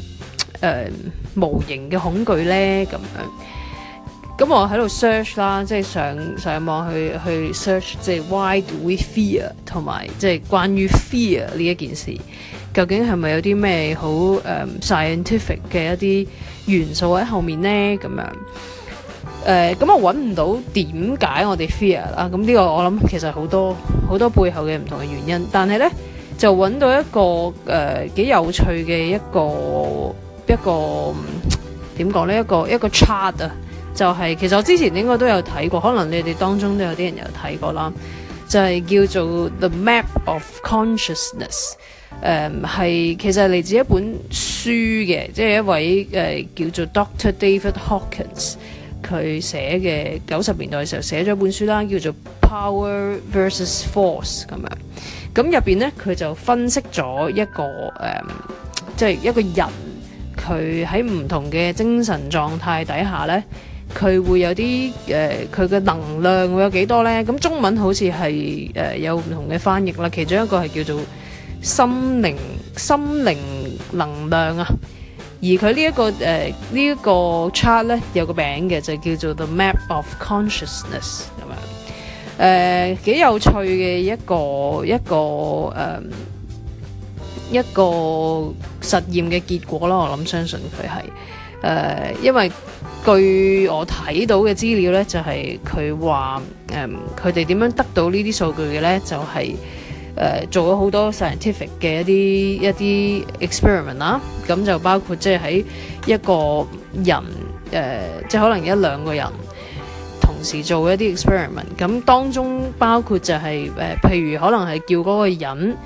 呃、無形嘅恐懼咧？咁樣。咁我喺度 search 啦，即係上上網去去 search，即係 Why do we fear？同埋即係關於 fear 呢一件事。究竟係咪有啲咩好誒 scientific 嘅一啲元素喺後面呢？咁樣誒咁、呃、我揾唔到點解我哋 fear 啦、啊？咁呢個我諗其實好多好多背後嘅唔同嘅原因，但係呢，就揾到一個誒幾、呃、有趣嘅一個一個點講、嗯、呢？一個一個 chart 啊、就係，就係其實我之前應該都有睇過，可能你哋當中都有啲人有睇過啦，就係、係、叫做 The Map of Consciousness。誒係其實嚟自一本書嘅，即係一位誒叫做 Doctor David Hawkins，佢寫嘅九十年代嘅時候寫咗一本書啦，叫做《Power Versus Force》咁樣。咁入邊咧，佢就分析咗一個誒，即係一個人佢喺唔同嘅精神狀態底下咧，佢會有啲誒佢嘅能量會有幾多咧。咁中文好似係誒有唔同嘅翻譯啦，其中一個係叫做。心靈心靈能量啊，而佢呢一個誒呢一個 chart 咧有個名嘅，就叫做 The Map of Consciousness 咁樣，誒、呃、幾有趣嘅一個一個誒、呃、一個實驗嘅結果啦。我諗相信佢係誒，因為據我睇到嘅資料咧，就係佢話誒佢哋點樣得到呢啲數據嘅咧，就係。誒、uh, 做咗好多 scientific 嘅一啲一啲 experiment 啦、啊，咁就包括即係喺一個人誒、啊，即係可能一兩個人同時做一啲 experiment，咁當中包括就係、是、誒、啊，譬如可能係叫嗰個人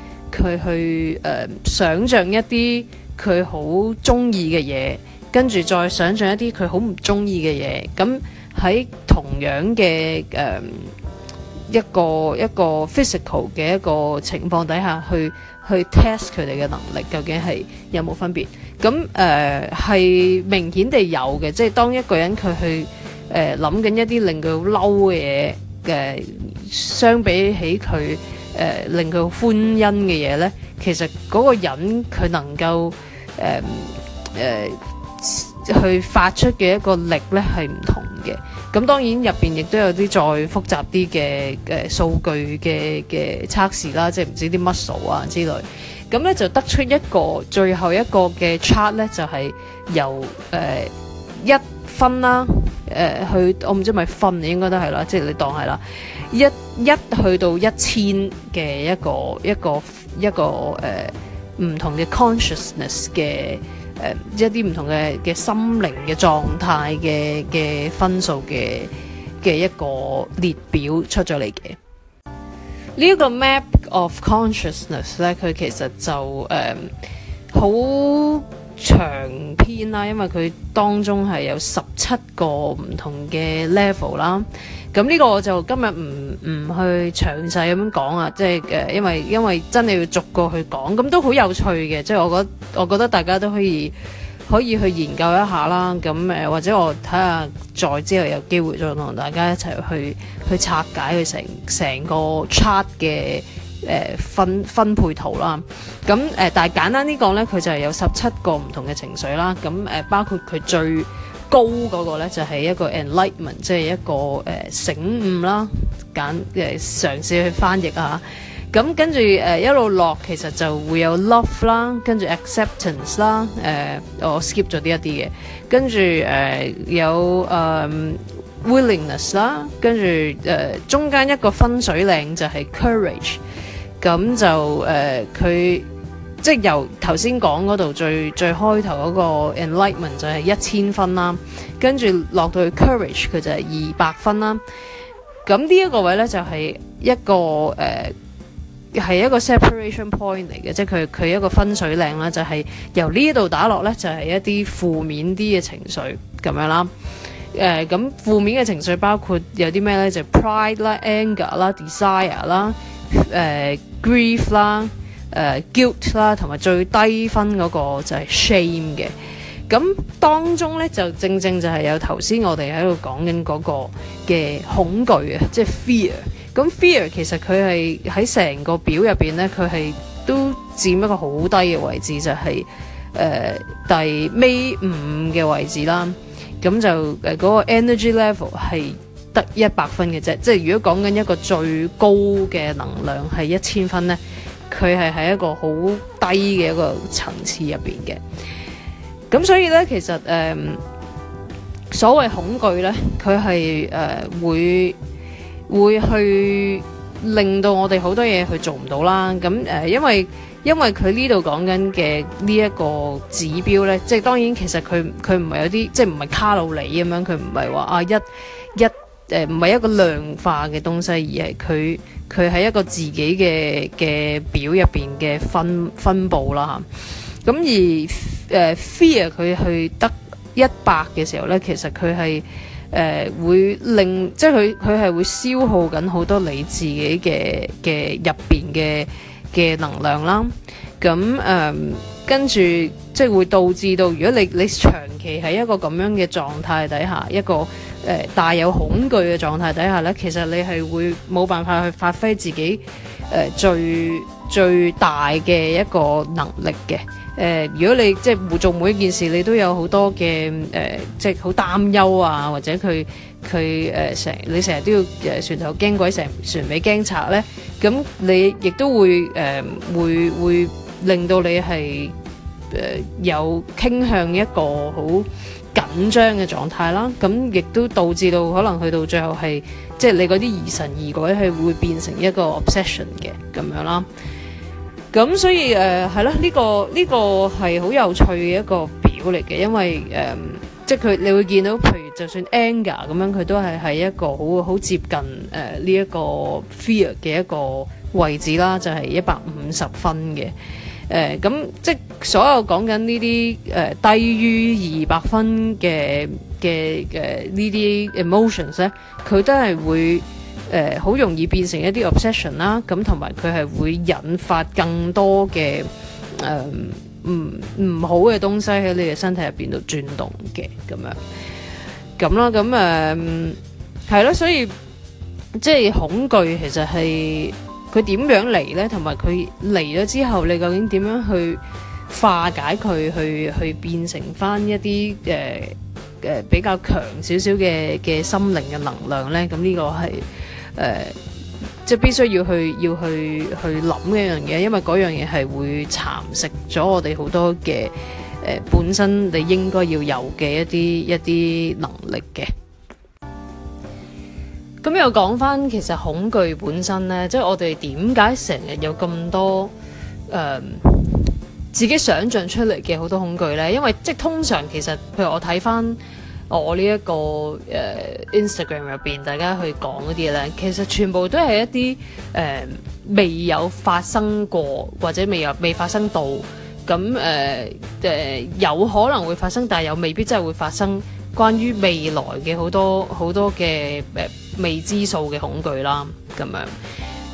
佢去誒、啊、想象一啲佢好中意嘅嘢，跟住再想象一啲佢好唔中意嘅嘢，咁喺同樣嘅誒。啊一個一個 physical 嘅一個情況底下去去 test 佢哋嘅能力，究竟係有冇分別？咁誒係明顯地有嘅，即係當一個人佢去誒諗緊一啲令佢嬲嘅嘢嘅，相比起佢誒、呃、令佢歡欣嘅嘢咧，其實嗰個人佢能夠誒誒、呃呃、去發出嘅一個力咧係唔同嘅。咁當然入邊亦都有啲再複雜啲嘅嘅數據嘅嘅、呃、測試啦，即係唔知啲 muscle 啊之類。咁咧就得出一個最後一個嘅 chart 咧，就係、是、由誒、呃、一分啦誒、呃、去，我唔知咪分嚟應該都係啦，即係你當係啦一一去到一千嘅一個一個一個誒唔、呃、同嘅 consciousness 嘅。誒一啲唔同嘅嘅心靈嘅狀態嘅嘅分數嘅嘅一個列表出咗嚟嘅，呢個 Map of Consciousness 咧，佢其實就誒好、嗯、長篇啦，因為佢當中係有十七個唔同嘅 level 啦。咁呢個我就今日唔唔去詳細咁講啊，即係誒，因為因為真係要逐個去講，咁都好有趣嘅，即係我覺得我覺得大家都可以可以去研究一下啦。咁誒，或者我睇下再之後有機會再同大家一齊去去拆解佢成成個 chart 嘅誒分分配圖啦。咁誒，但係簡單啲講呢，佢就係有十七個唔同嘅情緒啦。咁誒，包括佢最高嗰個咧就係一個 enlightenment，即係一個誒、呃、醒悟啦，揀嘅嘗試去翻譯啊，咁、嗯、跟住誒、呃、一路落，其實就會有 love 啦，跟住 acceptance 啦，誒、呃、我 skip 咗呢一啲嘢。跟住誒、呃、有誒、呃、willingness 啦，跟住誒、呃、中間一個分水嶺就係 courage，咁就誒佢。呃即係由頭先講嗰度最最開頭嗰個 enlightenment 就係一千分啦，跟住落到去 courage 佢就係二百分啦。咁呢一個位呢，就、呃、係一個誒係一個 separation point 嚟嘅，即係佢佢一個分水嶺啦，就係、係、由呢一度打落呢，就係一啲負面啲嘅情緒咁樣啦。誒、呃、咁負面嘅情緒包括有啲咩呢？就係、pride 啦、anger 啦、desire 啦、誒、呃、grief 啦。誒 guilt 啦，同埋、uh, 最低分嗰個就係 shame 嘅。咁當中咧就正正就係有頭先我哋喺度講緊嗰個嘅恐懼啊，即、就、係、是、fear。咁 fear 其實佢係喺成個表入邊咧，佢係都佔一個好低嘅位置，就係、是、誒、呃、第尾五嘅位置啦。咁就誒嗰、那個 energy level 係得一百分嘅啫。即係如果講緊一個最高嘅能量係一千分咧。佢係喺一個好低嘅一個層次入邊嘅，咁所以咧其實誒、呃、所謂恐懼咧，佢係誒會會去令到我哋好多嘢，去做唔到啦。咁誒、呃、因為因為佢呢度講緊嘅呢一個指標咧，即係當然其實佢佢唔係有啲即係唔係卡路里咁樣，佢唔係話啊一一。一誒唔係一個量化嘅東西，而係佢佢喺一個自己嘅嘅表入邊嘅分分佈啦，咁、嗯、而誒、呃、Fear 佢去得一百嘅時候呢，其實佢係誒會令即係佢佢係會消耗緊好多你自己嘅嘅入邊嘅嘅能量啦。咁、嗯、誒跟住即係會導致到，如果你你長期喺一個咁樣嘅狀態底下一個。誒帶、呃、有恐懼嘅狀態底下咧，其實你係會冇辦法去發揮自己誒、呃、最最大嘅一個能力嘅。誒、呃，如果你即係做每一件事，你都有好多嘅誒、呃，即係好擔憂啊，或者佢佢誒成你成日都要誒船頭驚鬼，成船尾驚賊咧。咁你亦都會誒、呃、會會令到你係誒、呃、有傾向一個好。緊張嘅狀態啦，咁亦都導致到可能去到最後係，即係你嗰啲疑神疑鬼係會變成一個 obsession 嘅咁樣啦。咁所以誒係啦，呢個呢個係好有趣嘅一個表嚟嘅，因為誒即係佢你會見到，譬如就算 anger 咁樣，佢都係喺一個好好接近誒呢一個 fear 嘅一個位置啦，就係一百五十分嘅。誒咁、呃、即係所有講緊呢啲誒低於二百分嘅嘅誒呢啲 emotions 咧，佢都係會誒好、呃、容易變成一啲 obsession 啦。咁同埋佢係會引發更多嘅誒、呃、唔唔好嘅東西喺你嘅身體入邊度轉動嘅咁樣咁啦。咁誒係咯，所以即係恐懼其實係。佢點樣嚟呢？同埋佢嚟咗之後，你究竟點樣去化解佢？去去變成返一啲誒誒比較強少少嘅嘅心靈嘅能量呢？咁、嗯、呢、呢個係誒即係必須要去要去去諗一樣嘢，因為嗰樣嘢係會蠶食咗我哋好多嘅誒、呃、本身你應該要有嘅一啲一啲能力嘅。咁又講翻其實恐懼本身咧，即係我哋點解成日有咁多誒自己想象出嚟嘅好多恐懼咧？因為即係通常其實，譬如我睇翻我呢一個誒 Instagram 入邊大家去講嗰啲咧，其實全部都係一啲誒未有發生過，或者未有未發生到，咁誒誒有可能會發生，但係又未必真係會發生。關於未來嘅好多好多嘅誒、呃、未知數嘅恐懼啦，咁樣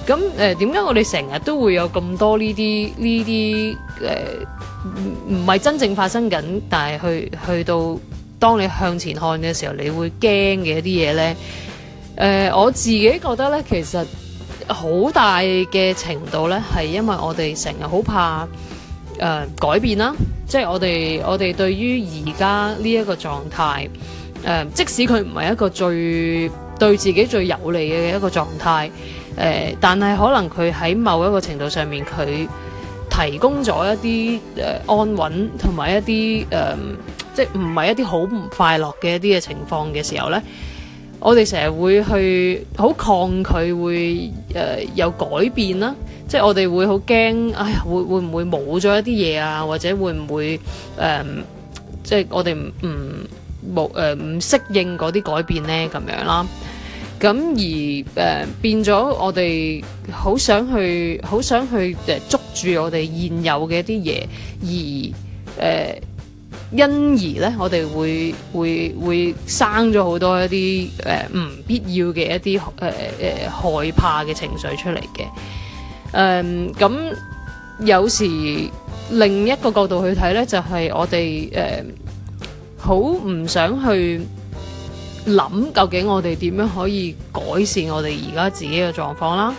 咁誒點解我哋成日都會有咁多呢啲呢啲誒唔唔係真正發生緊，但係去去到當你向前看嘅時候，你會驚嘅一啲嘢咧？誒、呃，我自己覺得咧，其實好大嘅程度咧，係因為我哋成日好怕。誒、呃、改變啦，即係我哋我哋對於而家呢一個狀態，誒、呃、即使佢唔係一個最對自己最有利嘅一個狀態，誒、呃、但係可能佢喺某一個程度上面，佢提供咗一啲誒、呃、安穩同埋一啲誒、呃，即係唔係一啲好唔快樂嘅一啲嘅情況嘅時候呢，我哋成日會去好抗拒會誒、呃、有改變啦。即係我哋會好驚，哎呀，會會唔會冇咗一啲嘢啊？或者會唔會誒、呃，即係我哋唔冇誒唔適應嗰啲改變咧咁樣啦、啊。咁而誒、呃、變咗，我哋好想去，好想去誒捉住我哋現有嘅一啲嘢，而誒、呃、因而咧，我哋會會會生咗好多一啲誒唔必要嘅一啲誒誒害怕嘅情緒出嚟嘅。誒咁、uh, 有時，另一個角度去睇咧，就係、是、我哋誒，好、uh, 唔想去諗究竟我哋點樣可以改善我哋而家自己嘅狀況啦。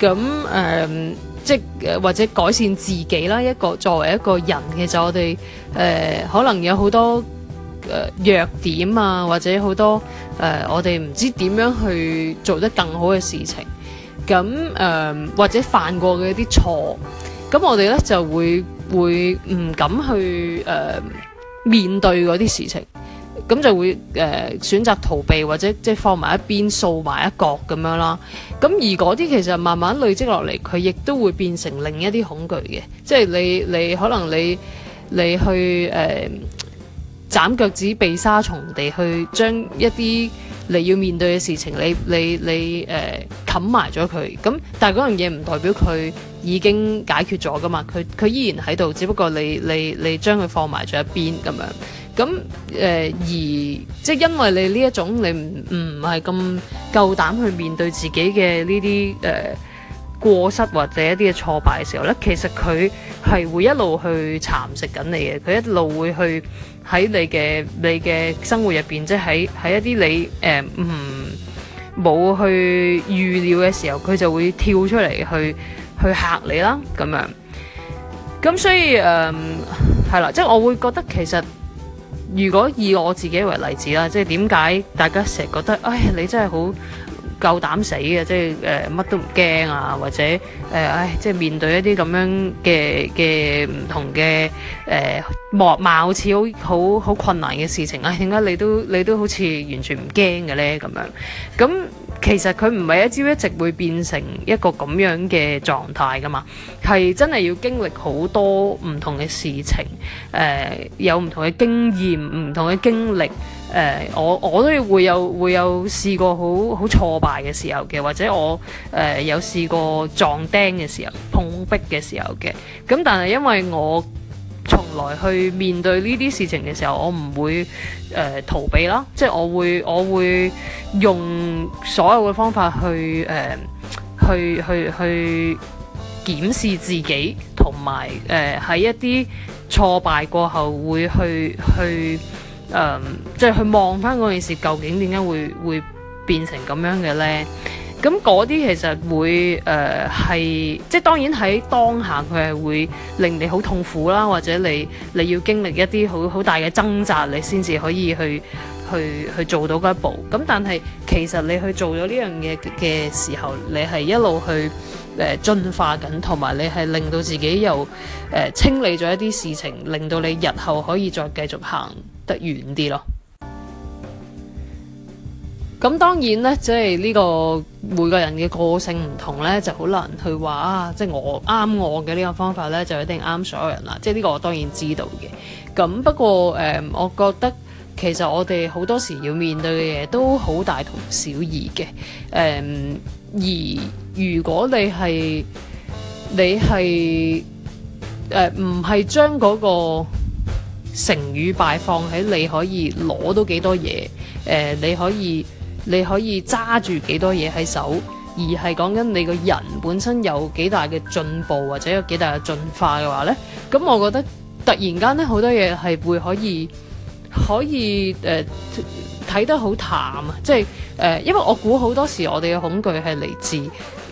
咁誒，uh, 即誒，或者改善自己啦，一個作為一個人嘅就我哋誒，uh, 可能有好多誒、uh, 弱點啊，或者好多誒，uh, 我哋唔知點樣去做得更好嘅事情。咁誒、呃、或者犯過嘅一啲錯，咁我哋呢就會會唔敢去誒、呃、面對嗰啲事情，咁就會誒、呃、選擇逃避或者即係放埋一邊、掃埋一角咁樣啦。咁而嗰啲其實慢慢累積落嚟，佢亦都會變成另一啲恐懼嘅，即係你你可能你你去誒、呃、斬腳趾、避沙蟲地去將一啲你要面對嘅事情，你你你誒冚埋咗佢，咁、呃、但係嗰樣嘢唔代表佢已經解決咗㗎嘛，佢佢依然喺度，只不過你你你將佢放埋咗一邊咁樣，咁誒、呃、而即係因為你呢一種你唔唔係咁夠膽去面對自己嘅呢啲誒過失或者一啲嘅挫敗嘅時候咧，其實佢係會一路去蠶食緊你嘅，佢一路會去。喺你嘅你嘅生活入邊，即係喺喺一啲你誒唔冇去預料嘅時候，佢就會跳出嚟去去嚇你啦咁樣。咁所以誒，係、呃、啦，即係我會覺得其實，如果以我自己為例子啦，即係點解大家成日覺得，唉，你真係好。夠膽死嘅，即係誒乜都唔驚啊，或者誒，唉、呃哎，即係面對一啲咁樣嘅嘅唔同嘅誒，莫、呃、貌似好好好困難嘅事情啊，點、哎、解你都你都好似完全唔驚嘅咧咁樣咁？其實佢唔係一朝一夕會變成一個咁樣嘅狀態㗎嘛，係真係要經歷好多唔同嘅事情，誒、呃、有唔同嘅經驗、唔同嘅經歷，誒、呃、我我都會有會有試過好好挫敗嘅時候嘅，或者我誒、呃、有試過撞釘嘅時候、碰壁嘅時候嘅，咁但係因為我來去面對呢啲事情嘅時候，我唔會誒、呃、逃避啦，即係我會我會用所有嘅方法去誒、呃、去去去檢視自己，同埋誒喺一啲挫敗過後會去去誒即係去望翻嗰件事究竟點解會會變成咁樣嘅咧？咁嗰啲其實會誒係、呃，即係當然喺當下佢係會令你好痛苦啦，或者你你要經歷一啲好好大嘅掙扎，你先至可以去去去做到嗰一步。咁但係其實你去做咗呢樣嘢嘅時候，你係一路去誒進、呃、化緊，同埋你係令到自己又誒、呃、清理咗一啲事情，令到你日後可以再繼續行得遠啲咯。咁當然咧，即係呢、這個每個人嘅個性唔同咧，就好難去話啊！即係我啱我嘅呢個方法咧，就一定啱所有人啦。即係呢個我當然知道嘅。咁不過誒、呃，我覺得其實我哋好多時要面對嘅嘢都好大同小異嘅。誒、呃，而如果你係你係誒，唔、呃、係將嗰個成語擺放喺你可以攞到幾多嘢？誒、呃，你可以。你可以揸住幾多嘢喺手，而係講緊你個人本身有幾大嘅進步或者有幾大嘅進化嘅話咧，咁我覺得突然間咧好多嘢係會可以可以誒睇、呃、得好淡啊！即係誒、呃，因為我估好多時我哋嘅恐懼係嚟自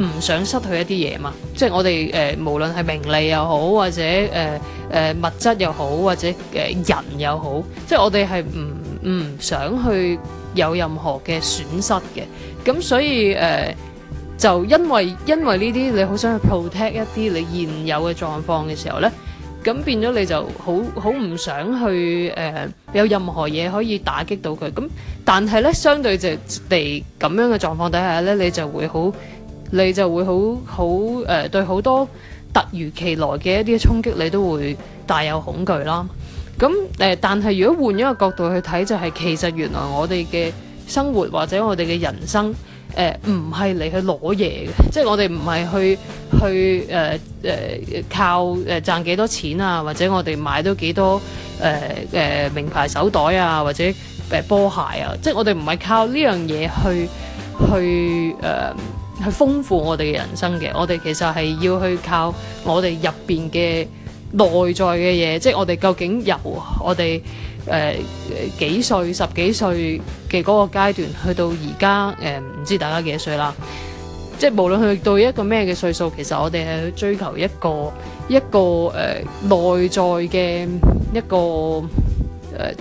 唔想失去一啲嘢嘛。即係我哋誒、呃，無論係名利又好，或者誒誒、呃呃、物質又好，或者誒、呃、人又好，即係我哋係唔唔想去有任何嘅損失嘅，咁所以誒、呃，就因為因為呢啲你好想去 protect 一啲你現有嘅狀況嘅時候呢，咁變咗你就好好唔想去誒、呃、有任何嘢可以打擊到佢。咁但係呢，相對就地咁樣嘅狀況底下呢，你就會好，你就會好好誒對好多突如其來嘅一啲衝擊，你都會大有恐懼啦。咁誒、呃，但係如果換一個角度去睇，就係、是、其實原來我哋嘅生活或者我哋嘅人生誒，唔係嚟去攞嘢嘅，即係我哋唔係去去誒誒、呃呃、靠誒賺幾多錢啊，或者我哋買到幾多誒誒、呃、名牌手袋啊，或者誒、呃、波鞋啊，即係我哋唔係靠呢樣嘢去去誒、呃、去豐富我哋嘅人生嘅，我哋其實係要去靠我哋入邊嘅。內在嘅嘢，即係我哋究竟由我哋誒、呃、幾歲、十幾歲嘅嗰個階段，去到而家誒唔知大家幾多歲啦。即係無論去到一個咩嘅歲數，其實我哋係去追求一個一個誒內、呃、在嘅一個誒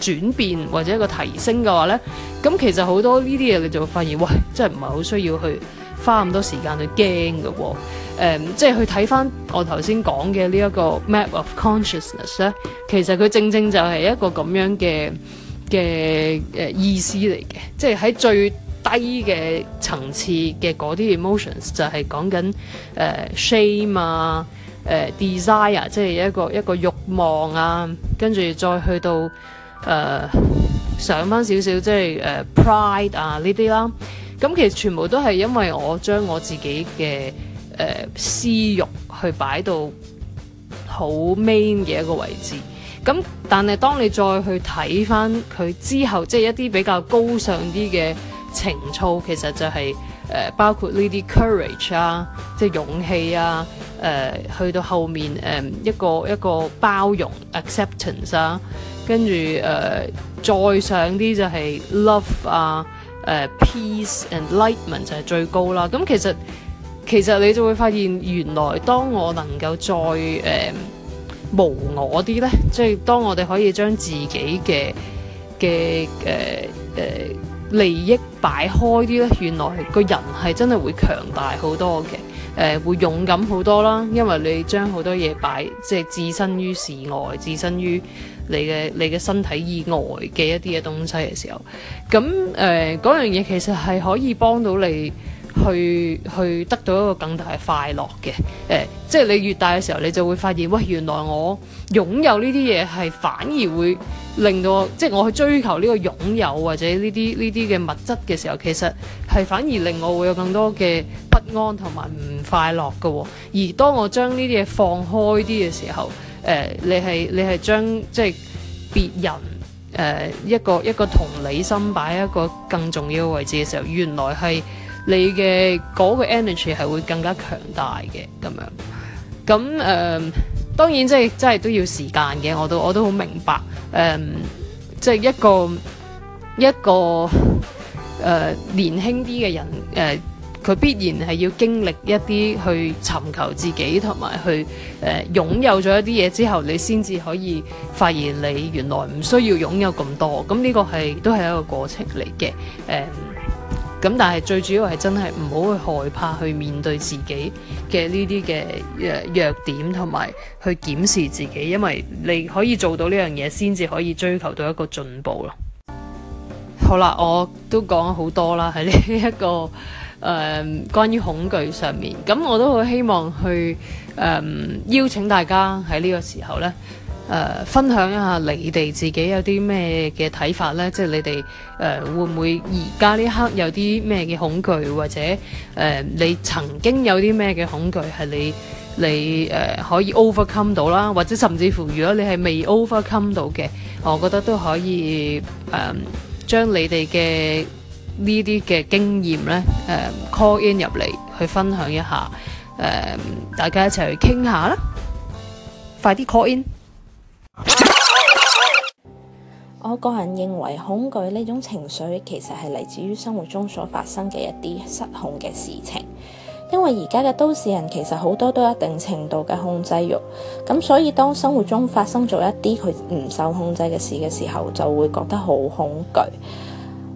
轉、呃、變或者一個提升嘅話咧，咁其實好多呢啲嘢你就會發現，喂，真係唔係好需要去花咁多時間去驚嘅喎，誒，即係去睇翻我頭先講嘅呢一個 map of consciousness 咧，其實佢正正就係一個咁樣嘅嘅誒意思嚟嘅，即係喺最低嘅層次嘅嗰啲 emotions 就係講緊誒 shame 啊、誒、呃、desire，即係一個一個慾望啊，跟住再去到誒上翻少少，即係誒、呃、pride 啊呢啲啦。咁、嗯、其實全部都係因為我將我自己嘅誒、呃、私欲去擺到好 main 嘅一個位置。咁、嗯、但係當你再去睇返佢之後，即係一啲比較高尚啲嘅情操，其實就係、是、誒、呃、包括呢啲 courage 啊，即係勇氣啊，誒、呃、去到後面誒、呃、一個一個包容 acceptance 啊，跟住誒再上啲就係 love 啊。Uh, peace and enlightenment 就係最高啦。咁其實其實你就會發現，原來當我能夠再誒、uh, 無我啲呢，即係當我哋可以將自己嘅嘅、uh, 利益擺開啲呢，原來個人係真係會強大好多嘅，誒、uh, 會勇敢好多啦。因為你將好多嘢擺即係置身於事外，置身於你嘅你嘅身體以外嘅一啲嘅東西嘅時候，咁誒嗰樣嘢其實係可以幫到你去去得到一個更大嘅快樂嘅誒，即係你越大嘅時候，你就會發現，喂，原來我擁有呢啲嘢係反而會令到，即係我去追求呢個擁有或者呢啲呢啲嘅物質嘅時候，其實係反而令我會有更多嘅不安同埋唔快樂㗎喎。而當我將呢啲嘢放開啲嘅時候，誒、uh,，你係你係將即係別人誒、uh, 一個一個同理心擺一個更重要嘅位置嘅時候，原來係你嘅嗰、那個 energy 係會更加強大嘅咁樣。咁誒，uh, 當然即係即係都要時間嘅，我都我都好明白。誒、uh,，即係一個一個誒、uh, 年輕啲嘅人誒。Uh, 佢必然係要經歷一啲去尋求自己，同埋去誒擁、呃、有咗一啲嘢之後，你先至可以發現你原來唔需要擁有咁多。咁、嗯、呢、這個係都係一個過程嚟嘅。誒、嗯、咁，但係最主要係真係唔好去害怕去面對自己嘅呢啲嘅弱點，同埋去檢視自己，因為你可以做到呢樣嘢，先至可以追求到一個進步咯。好啦，我都講咗好多啦，喺呢一個。誒、嗯，關於恐懼上面，咁我都好希望去誒、嗯、邀請大家喺呢個時候咧，誒、呃、分享一下你哋自己有啲咩嘅睇法咧，即係你哋誒、呃、會唔會而家呢刻有啲咩嘅恐懼，或者誒、呃、你曾經有啲咩嘅恐懼係你你誒、呃、可以 overcome 到啦，或者甚至乎如果你係未 overcome 到嘅，我覺得都可以誒、呃、將你哋嘅。呢啲嘅經驗咧，誒、呃、call in 入嚟去分享一下，誒、呃、大家一齊去傾下啦，快啲 call in。我個人認為恐懼呢種情緒其實係嚟自於生活中所發生嘅一啲失控嘅事情，因為而家嘅都市人其實好多都有一定程度嘅控制欲，咁所以當生活中發生咗一啲佢唔受控制嘅事嘅時候，就會覺得好恐懼。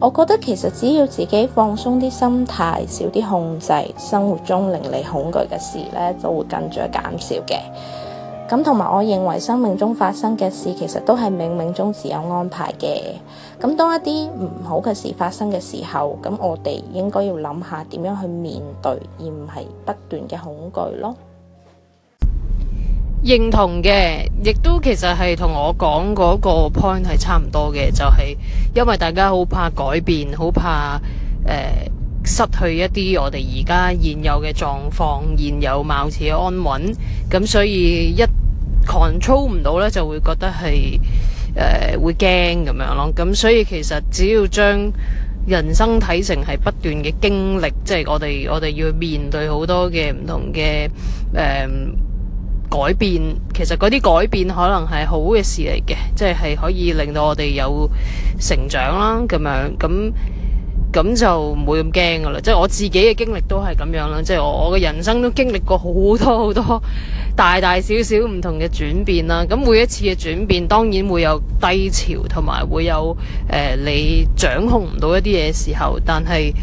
我覺得其實只要自己放鬆啲心態，少啲控制，生活中令你恐懼嘅事呢就會跟住減少嘅。咁同埋我認為生命中發生嘅事，其實都係冥冥中自有安排嘅。咁當一啲唔好嘅事發生嘅時候，咁我哋應該要諗下點樣去面對，而唔係不斷嘅恐懼咯。認同嘅，亦都其實係同我講嗰個 point 係差唔多嘅，就係、是，因為大家好怕改變，好怕，呃、失去一啲我哋而家現有嘅狀況，現有貌似安穩，咁所以一 control 唔到呢，就會覺得係誒、呃，會驚咁樣咯。咁所以其實只要將人生睇成係不斷嘅經歷，即、就、係、是，我哋我哋要面對好多嘅唔同嘅改變其實嗰啲改變可能係好嘅事嚟嘅，即係係可以令到我哋有成長啦。咁樣咁咁就唔會咁驚噶啦。即係我自己嘅經歷都係咁樣啦。即係我嘅人生都經歷過好多好多大大小小唔同嘅轉變啦。咁每一次嘅轉變當然會有低潮，同埋會有誒、呃、你掌控唔到一啲嘢嘅時候。但係誒、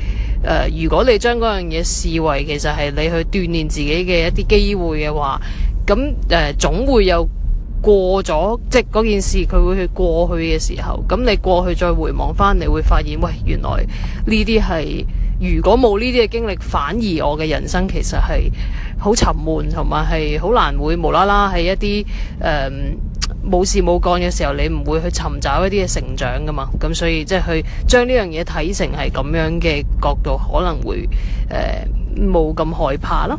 呃，如果你將嗰樣嘢視為其實係你去鍛鍊自己嘅一啲機會嘅話，咁誒總會有過咗，即係嗰件事佢會去過去嘅時候，咁你過去再回望返，你會發現，喂，原來呢啲係如果冇呢啲嘅經歷，反而我嘅人生其實係好沉悶，同埋係好難會無啦啦喺一啲誒冇事冇幹嘅時候，你唔會去尋找一啲嘅成長㗎嘛。咁所以即係去將呢樣嘢睇成係咁樣嘅角度，可能會誒冇咁害怕咯。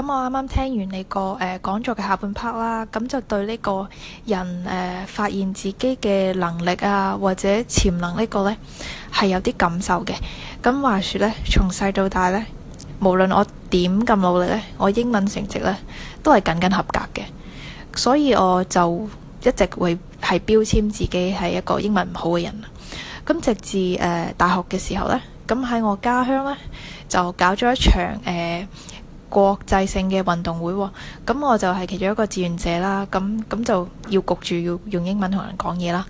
咁我啱啱聽完你個誒、呃、講座嘅下半 part 啦，咁、啊、就對呢個人誒、呃、發現自己嘅能力啊或者潛能呢個呢，係有啲感受嘅。咁話說呢，從細到大呢，無論我點咁努力呢，我英文成績呢，都係僅僅合格嘅，所以我就一直會係標籤自己係一個英文唔好嘅人。咁直至誒、呃、大學嘅時候呢，咁喺我家鄉呢，就搞咗一場誒、呃國際性嘅運動會喎，咁我就係其中一個志願者啦，咁咁就要焗住要用英文同人講嘢啦。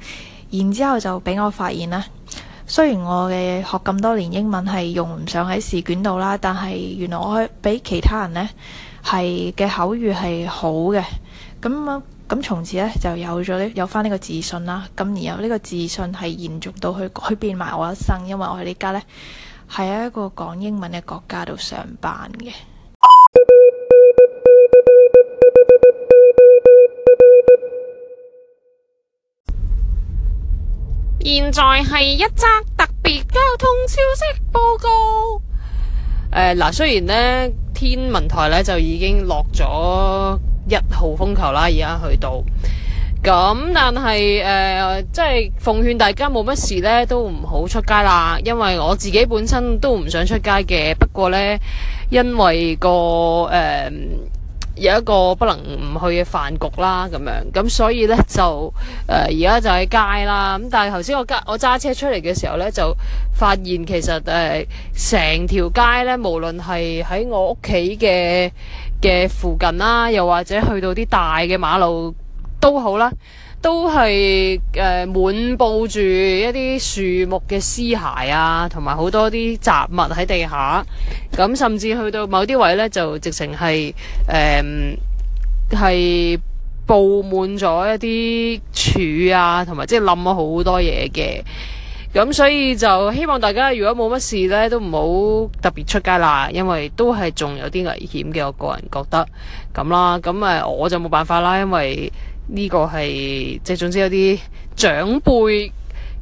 然之後就俾我發現啦，雖然我嘅學咁多年英文係用唔上喺試卷度啦，但係原來我去俾其他人呢係嘅口語係好嘅，咁啊，咁從此呢就有咗呢，有返呢個自信啦。咁然後呢個自信係延續到去去變埋我一生，因為我喺呢家咧係喺一個講英文嘅國家度上班嘅。現在係一則特別交通消息報告。誒、呃，雖然咧天文台咧就已經落咗一號風球啦，而家去到咁，嗯，但係誒，即，呃、係奉勸大家冇乜事咧，都唔好出街啦。因為我自己本身都唔想出街嘅，不過呢，因為個誒。呃有一個不能唔去嘅飯局啦，咁樣咁所以呢，就誒而家就喺街啦，咁但係頭先我揸我揸車出嚟嘅時候呢，就發現其實誒成條街呢，無論係喺我屋企嘅嘅附近啦，又或者去到啲大嘅馬路都好啦。都係誒滿布住一啲樹木嘅屍骸啊，同埋好多啲雜物喺地下，咁甚至去到某啲位呢，就直情係誒係布滿咗一啲柱啊，同埋即係冧咗好多嘢嘅，咁所以就希望大家如果冇乜事呢，都唔好特別出街啦，因為都係仲有啲危險嘅，我個人覺得咁啦，咁誒我就冇辦法啦，因為。呢個係即係總之有啲長輩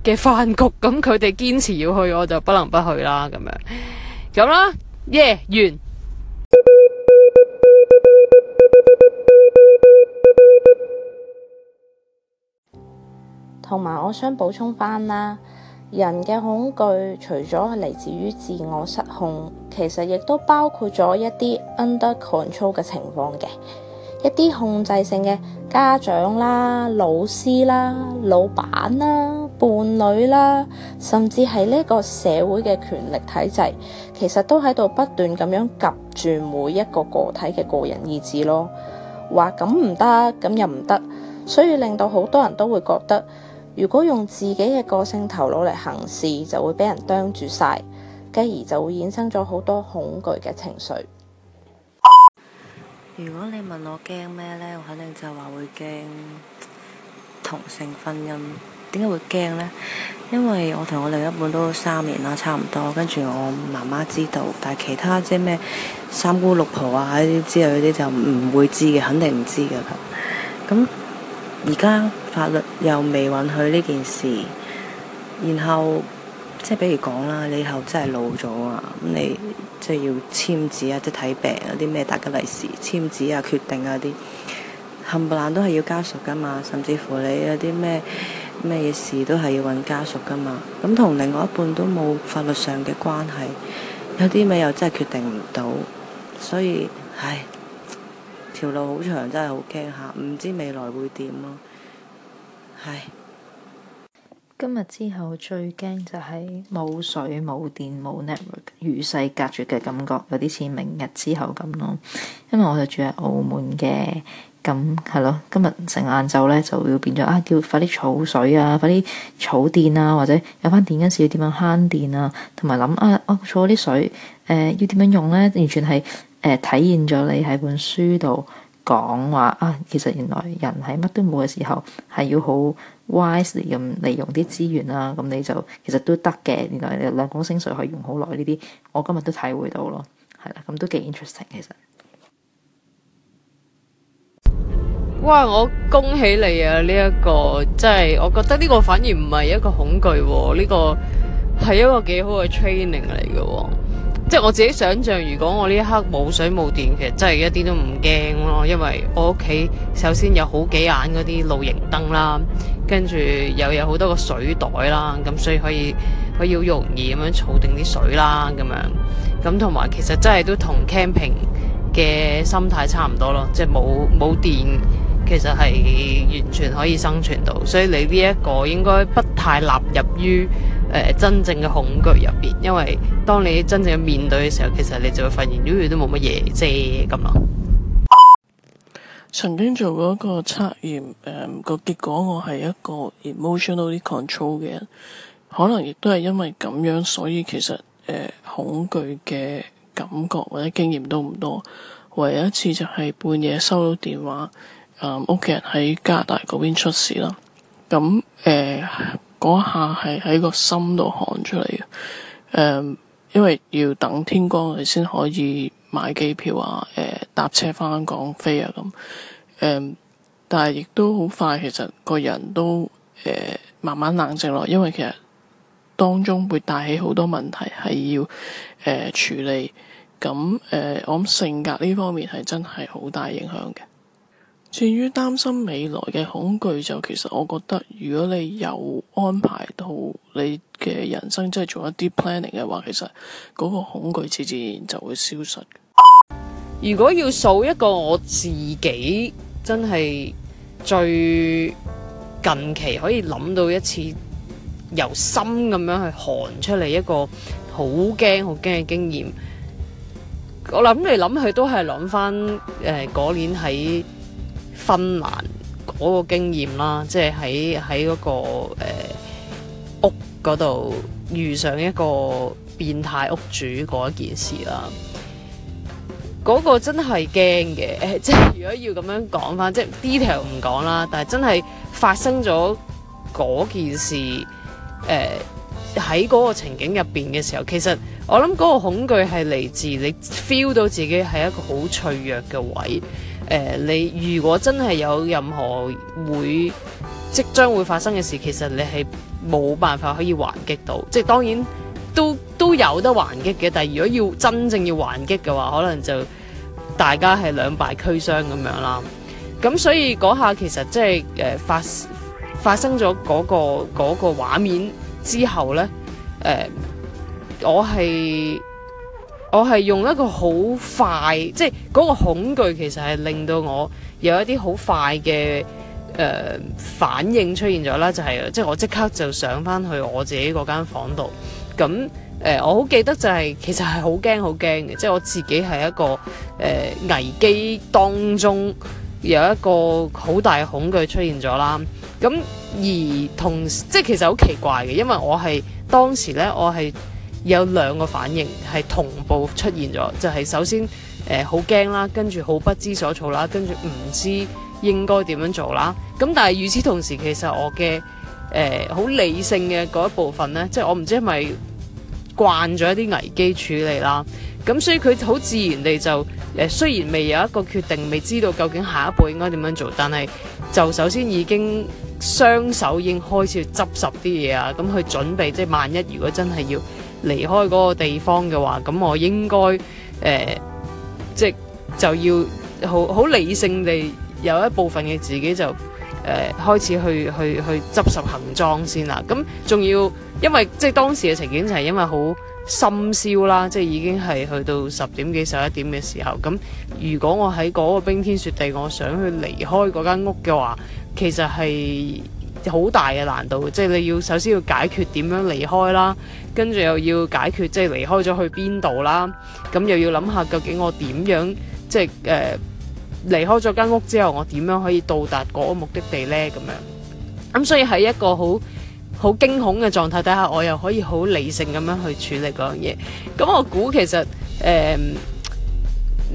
嘅飯局，咁佢哋堅持要去，我就不能不去啦。咁樣咁啦，耶、yeah，完。同埋我想補充翻啦，人嘅恐懼除咗係嚟自於自我失控，其實亦都包括咗一啲 under control 嘅情況嘅。一啲控制性嘅家長啦、老師啦、老闆啦、伴侶啦，甚至係呢個社會嘅權力體制，其實都喺度不斷咁樣夾住每一個個體嘅個人意志咯。話咁唔得，咁又唔得，所以令到好多人都會覺得，如果用自己嘅個性頭腦嚟行事，就會俾人啄住晒，繼而就會衍生咗好多恐懼嘅情緒。如果你問我驚咩呢，我肯定就話會驚同性婚姻。點解會驚呢？因為我同我另一半都三年啦，差唔多。跟住我媽媽知道，但係其他即係咩三姑六婆啊之類嗰啲就唔會知嘅，肯定唔知嘅啦。咁而家法律又未允許呢件事，然後即係比如講啦，你以後真係老咗啊，咁你。即係要簽字啊，即係睇病啊啲咩大吉利是簽字啊，決定啊啲冚唪唥都係要家屬噶嘛，甚至乎你有啲咩咩嘢事都係要揾家屬噶嘛。咁同另外一半都冇法律上嘅關係，有啲咩又真係決定唔到，所以唉，條路好長，真係好驚嚇，唔知未來會點咯啊，唉。今日之後最驚就係冇水冇電冇 network，與世隔絕嘅感覺，有啲似明日之後咁咯。因為我就住喺澳門嘅，咁係咯。今日成晏晝呢，就要變咗啊，叫快啲儲水啊，快啲儲電啊，或者有返電嗰時要點樣慳電啊，同埋諗啊哦，儲咗啲水誒、呃、要點樣用呢？完全係誒、呃、體現咗你喺本書度講話啊，其實原來人喺乜都冇嘅時候係要好。wise 嚟咁利用啲資源啦，咁你就其實都得嘅。原來你兩公升水可以用好耐呢啲，我今日都體會到咯，係啦，咁都幾 interesting 其實。哇！我恭喜你啊，呢、這、一個即係我覺得呢個反而唔係一個恐懼喎、啊，呢、這個係一個幾好嘅 training 嚟嘅喎、啊。即係我自己想像，如果我呢一刻冇水冇電，其實真係一啲都唔驚咯，因為我屋企首先有好幾眼嗰啲露營燈啦，跟住又有好多個水袋啦，咁所以可以可以好容易咁樣儲定啲水啦，咁樣咁同埋其實真係都同 camping 嘅心態差唔多咯，即係冇冇電，其實係完全可以生存到，所以你呢一個應該不太納入於。呃、真正嘅恐懼入邊，因為當你真正面對嘅時候，其實你就會發現，呢、呃、啲都冇乜嘢啫咁咯。曾經做過一個測驗，誒、呃，個結果我係一個 emotional 啲 control 嘅人，可能亦都係因為咁樣，所以其實誒、呃、恐懼嘅感覺或者經驗都唔多。唯一一次就係半夜收到電話，屋、呃、企人喺加拿大嗰邊出事啦。咁誒。呃嗰下係喺個心度喊出嚟嘅，嗯，因為要等天光，我先可以買機票啊，誒、呃，搭車返香港飛啊咁，誒、嗯，但係亦都好快，其實個人都誒、呃、慢慢冷靜落，因為其實當中會帶起好多問題係要誒、呃、處理，咁誒、呃，我諗性格呢方面係真係好大影響嘅。至於擔心未來嘅恐懼，就其實我覺得，如果你有安排到你嘅人生，即係做一啲 planning 嘅話，其實嗰個恐懼自自然就會消失。如果要數一個我自己，真係最近期可以諗到一次由心咁樣去寒出嚟，一個好驚好驚嘅經驗，我諗你諗佢都係諗翻誒嗰年喺。芬蘭嗰個經驗啦，即係喺喺嗰個、呃、屋嗰度遇上一個變態屋主嗰一件事啦，嗰、嗰個真係驚嘅，即係如果要咁樣講翻，即係 detail 唔講啦，但係真係發生咗嗰件事誒喺嗰個情景入邊嘅時候，其實我諗嗰個恐懼係嚟自你 feel 到自己係一個好脆弱嘅位。誒、呃，你如果真係有任何會即將會發生嘅事，其實你係冇辦法可以還擊到。即係當然都都有得還擊嘅，但係如果要真正要還擊嘅話，可能就大家係兩敗俱傷咁樣啦。咁所以嗰下其實即係誒、呃、發發生咗嗰、嗰個嗰、嗰個、畫面之後呢，誒、呃、我係，我係用一個好快，即係嗰個恐懼，其實係令到我有一啲好快嘅，誒、呃、反應出現咗啦，就係、是、即係我即刻就上翻去我自己嗰間房度。咁誒、呃，我好記得就係、是、其實係好驚好驚嘅，即係我自己係一個誒、呃、危機當中有一個好大恐懼出現咗啦。咁而同即係其實好奇怪嘅，因為我係當時咧，我係。有兩個反應係同步出現咗，就係首先誒好驚啦，跟住好不知所措啦，跟住唔知應該點樣做啦。咁但係與此同時，其實我嘅誒好理性嘅嗰一部分呢，即係我唔知係咪慣咗一啲危機處理啦。咁所以佢好自然地就誒，雖然未有一個決定，未知道究竟下一步應該點樣做，但係就首先已經雙手已經開始執拾啲嘢啊，咁去準備，即係萬一如果真係要。離開嗰個地方嘅話，咁我應該誒、呃，即就要好好理性地有一部分嘅自己就誒、呃、開始去去去，去執拾行裝先啦。咁仲要因為即係當時嘅情景就係因為好深宵啦，即係已經係去到十點幾十一點嘅時候。咁如果我喺嗰個冰天雪地，我想去離開嗰間屋嘅話，其實係。好大嘅難度，即係你要首先要解決點樣離開啦，跟住又要解決即係離開咗去邊度啦，咁又要諗下究竟我點樣即係誒離開咗間屋之後，我點樣可以到達嗰個目的地呢？咁樣咁、嗯，所以喺一個好好驚恐嘅狀態底下，我又可以好理性咁樣去處理嗰樣嘢。咁、嗯、我估其實誒呢、呃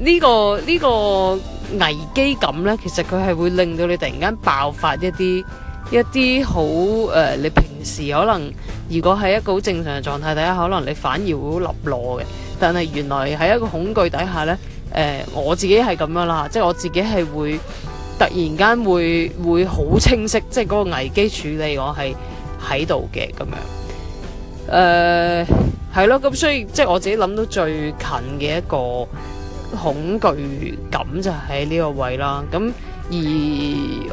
呢個呢、呢個危機感呢，其實佢係會令到你突然間爆發一啲。一啲好誒，你平時可能如果喺一個好正常嘅狀態底下，可能你反而會好立落嘅。但係原來喺一個恐懼底下呢，誒、呃，我自己係咁樣啦，即係我自己係會突然間會會好清晰，即係嗰個危機處理我係喺度嘅咁樣。誒、呃，係咯，咁所以即係我自己諗到最近嘅一個恐懼感就喺呢個位啦。咁。而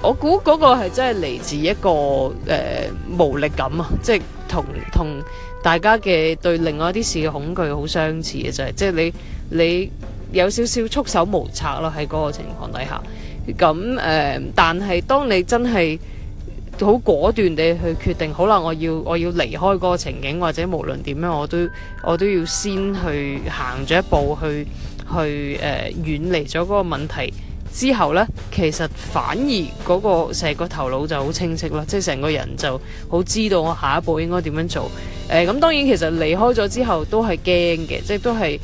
我估嗰個係真係嚟自一個誒、呃、無力感啊，即係同同大家嘅，對另外一啲事嘅恐懼好相似嘅就係、是，即係你你有少少束手無策咯喺嗰個情況底下。咁誒、呃，但係當你真係好果斷地去決定，好啦，我要我要離開嗰個情景，或者無論點樣，我都我都要先去行咗一步去去誒遠離咗嗰個問題。之後呢，其實反而嗰個成個頭腦就好清晰啦，即係成個人就好知道我下一步應該點樣做。誒、呃，咁當然其實離開咗之後都係驚嘅，即係都係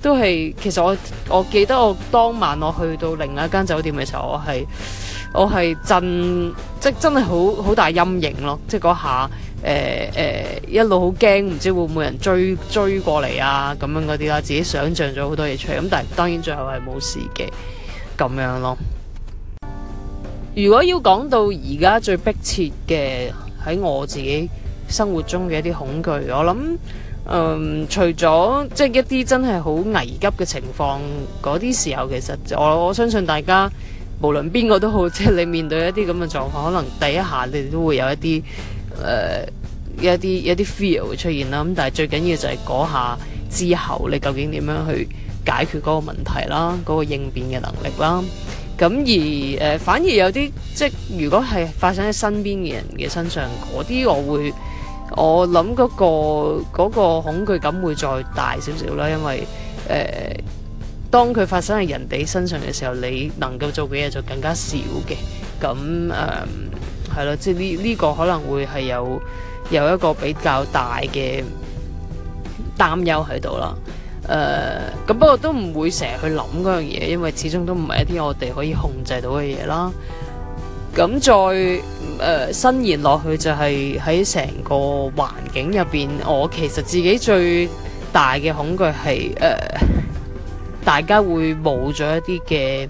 都係。其實我我記得我當晚我去到另一間酒店嘅時候，我係我係震，即真係好好大陰影咯。即係嗰下誒誒、呃呃、一路好驚，唔知會唔會人追追過嚟啊咁樣嗰啲啦，自己想像咗好多嘢出嚟。咁但係當然最後係冇事嘅。咁樣咯。如果要講到而家最迫切嘅，喺我自己生活中嘅一啲恐懼，我諗，嗯，除咗即係一啲真係好危急嘅情況，嗰啲時候，其實我我相信大家無論邊個都好，即係你面對一啲咁嘅狀況，可能第一下你都會有一啲，誒、呃，一啲一啲 fear 會出現啦。咁但係最緊要就係嗰下之後，你究竟點樣去？解決嗰個問題啦，嗰個應變嘅能力啦。咁而誒、呃，反而有啲即如果係發生喺身邊嘅人嘅身上，嗰啲我會我諗嗰個嗰個恐懼感會再大少少啦。因為誒、呃，當佢發生喺人哋身上嘅時候，你能夠做嘅嘢就更加少嘅。咁誒係咯，即係呢呢個可能會係有有一個比較大嘅擔憂喺度啦。誒，咁、uh, 不過都唔會成日去諗嗰樣嘢，因為始終都唔係一啲我哋可以控制到嘅嘢啦。咁再誒，伸延落去就係喺成個環境入邊，我其實自己最大嘅恐懼係誒，uh, 大家會冇咗一啲嘅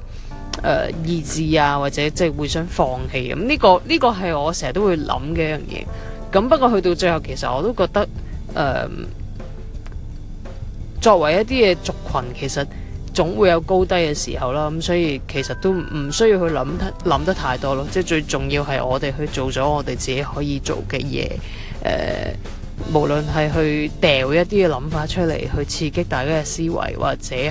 誒意志啊，或者即係會想放棄咁。呢、呢個呢、呢個係我成日都會諗嘅一樣嘢。咁不過去到最後，其實我都覺得誒。Uh, 作為一啲嘅族群，其實總會有高低嘅時候啦，咁、嗯、所以其實都唔需要去諗諗得太多咯。即係最重要係我哋去做咗我哋自己可以做嘅嘢，誒、呃，無論係去掉一啲嘅諗法出嚟，去刺激大家嘅思維，或者係誒、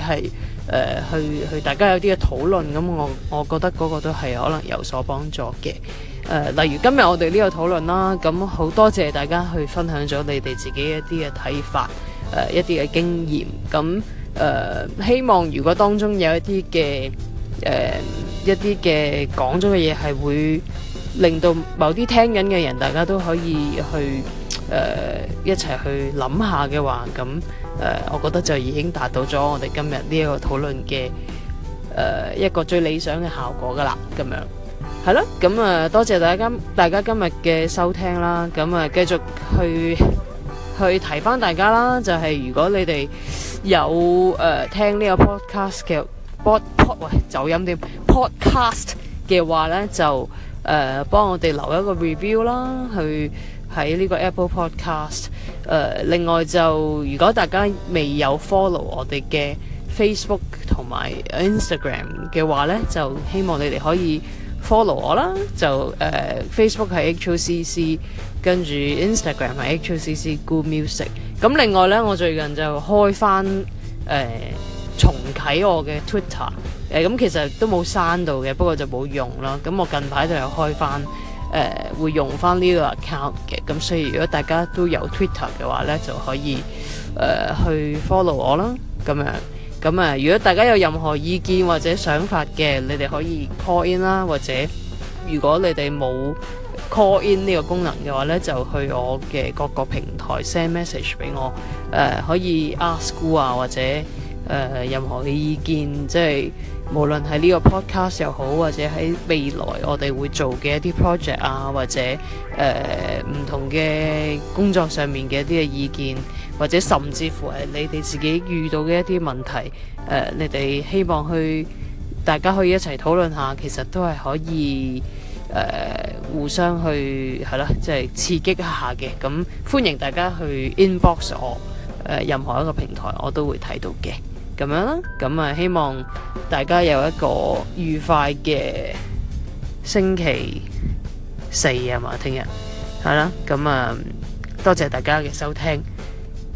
呃、去去大家有啲嘅討論咁，我我覺得嗰個都係可能有所幫助嘅。誒、呃，例如今日我哋呢個討論啦，咁、嗯、好多謝大家去分享咗你哋自己一啲嘅睇法。誒，一啲嘅經驗，咁誒，希望如果當中有一啲嘅誒，一啲嘅講咗嘅嘢係會令到某啲聽緊嘅人，大家都可以去誒一齊去諗下嘅話，咁誒，我覺得就已經達到咗我哋今日呢一個討論嘅誒一個最理想嘅效果㗎喇，咁樣係咯，咁啊，多謝大家大家今日嘅收聽啦，咁啊繼續去。去提翻大家啦，就係、是、如果你哋有誒、呃、聽呢個 Pod Pod, Pod, podcast 嘅播播喂走音點 podcast 嘅話呢，就誒、呃、幫我哋留一個 review 啦，去喺呢個 Apple Podcast 誒、呃。另外就如果大家未有 follow 我哋嘅 Facebook 同埋 Instagram 嘅話呢，就希望你哋可以。follow 我啦，就誒 Facebook 係 H O C C，跟住 Instagram 係 H O C C Good Music。咁另外咧，我最近就開翻誒重啟我嘅 Twitter。誒咁其實都冇刪到嘅，不過就冇用啦。咁我近排就有開翻誒，會用翻呢個 account 嘅。咁所以如果大家都有 Twitter 嘅話咧，就可以誒去 follow 我啦。咁樣。咁啊，如果大家有任何意見或者想法嘅，你哋可以 call in 啦，或者如果你哋冇 call in 呢個功能嘅話咧，就去我嘅各個平台 send message 俾我，誒、呃、可以 ask、呃、啊，或者誒任何嘅意見，即係無論係呢個 podcast 又好，或者喺未來我哋會做嘅一啲 project 啊，或者誒唔同嘅工作上面嘅一啲嘅意見。或者甚至乎係你哋自己遇到嘅一啲問題，誒、呃，你哋希望去大家可以一齊討論下，其實都係可以誒、呃、互相去係啦，即係、就是、刺激一下嘅。咁、嗯、歡迎大家去 inbox 我誒、呃、任何一個平台我都會睇到嘅。咁樣啦，咁、嗯、啊，希望大家有一個愉快嘅星期四啊嘛，聽日係啦。咁啊、嗯，多謝大家嘅收聽。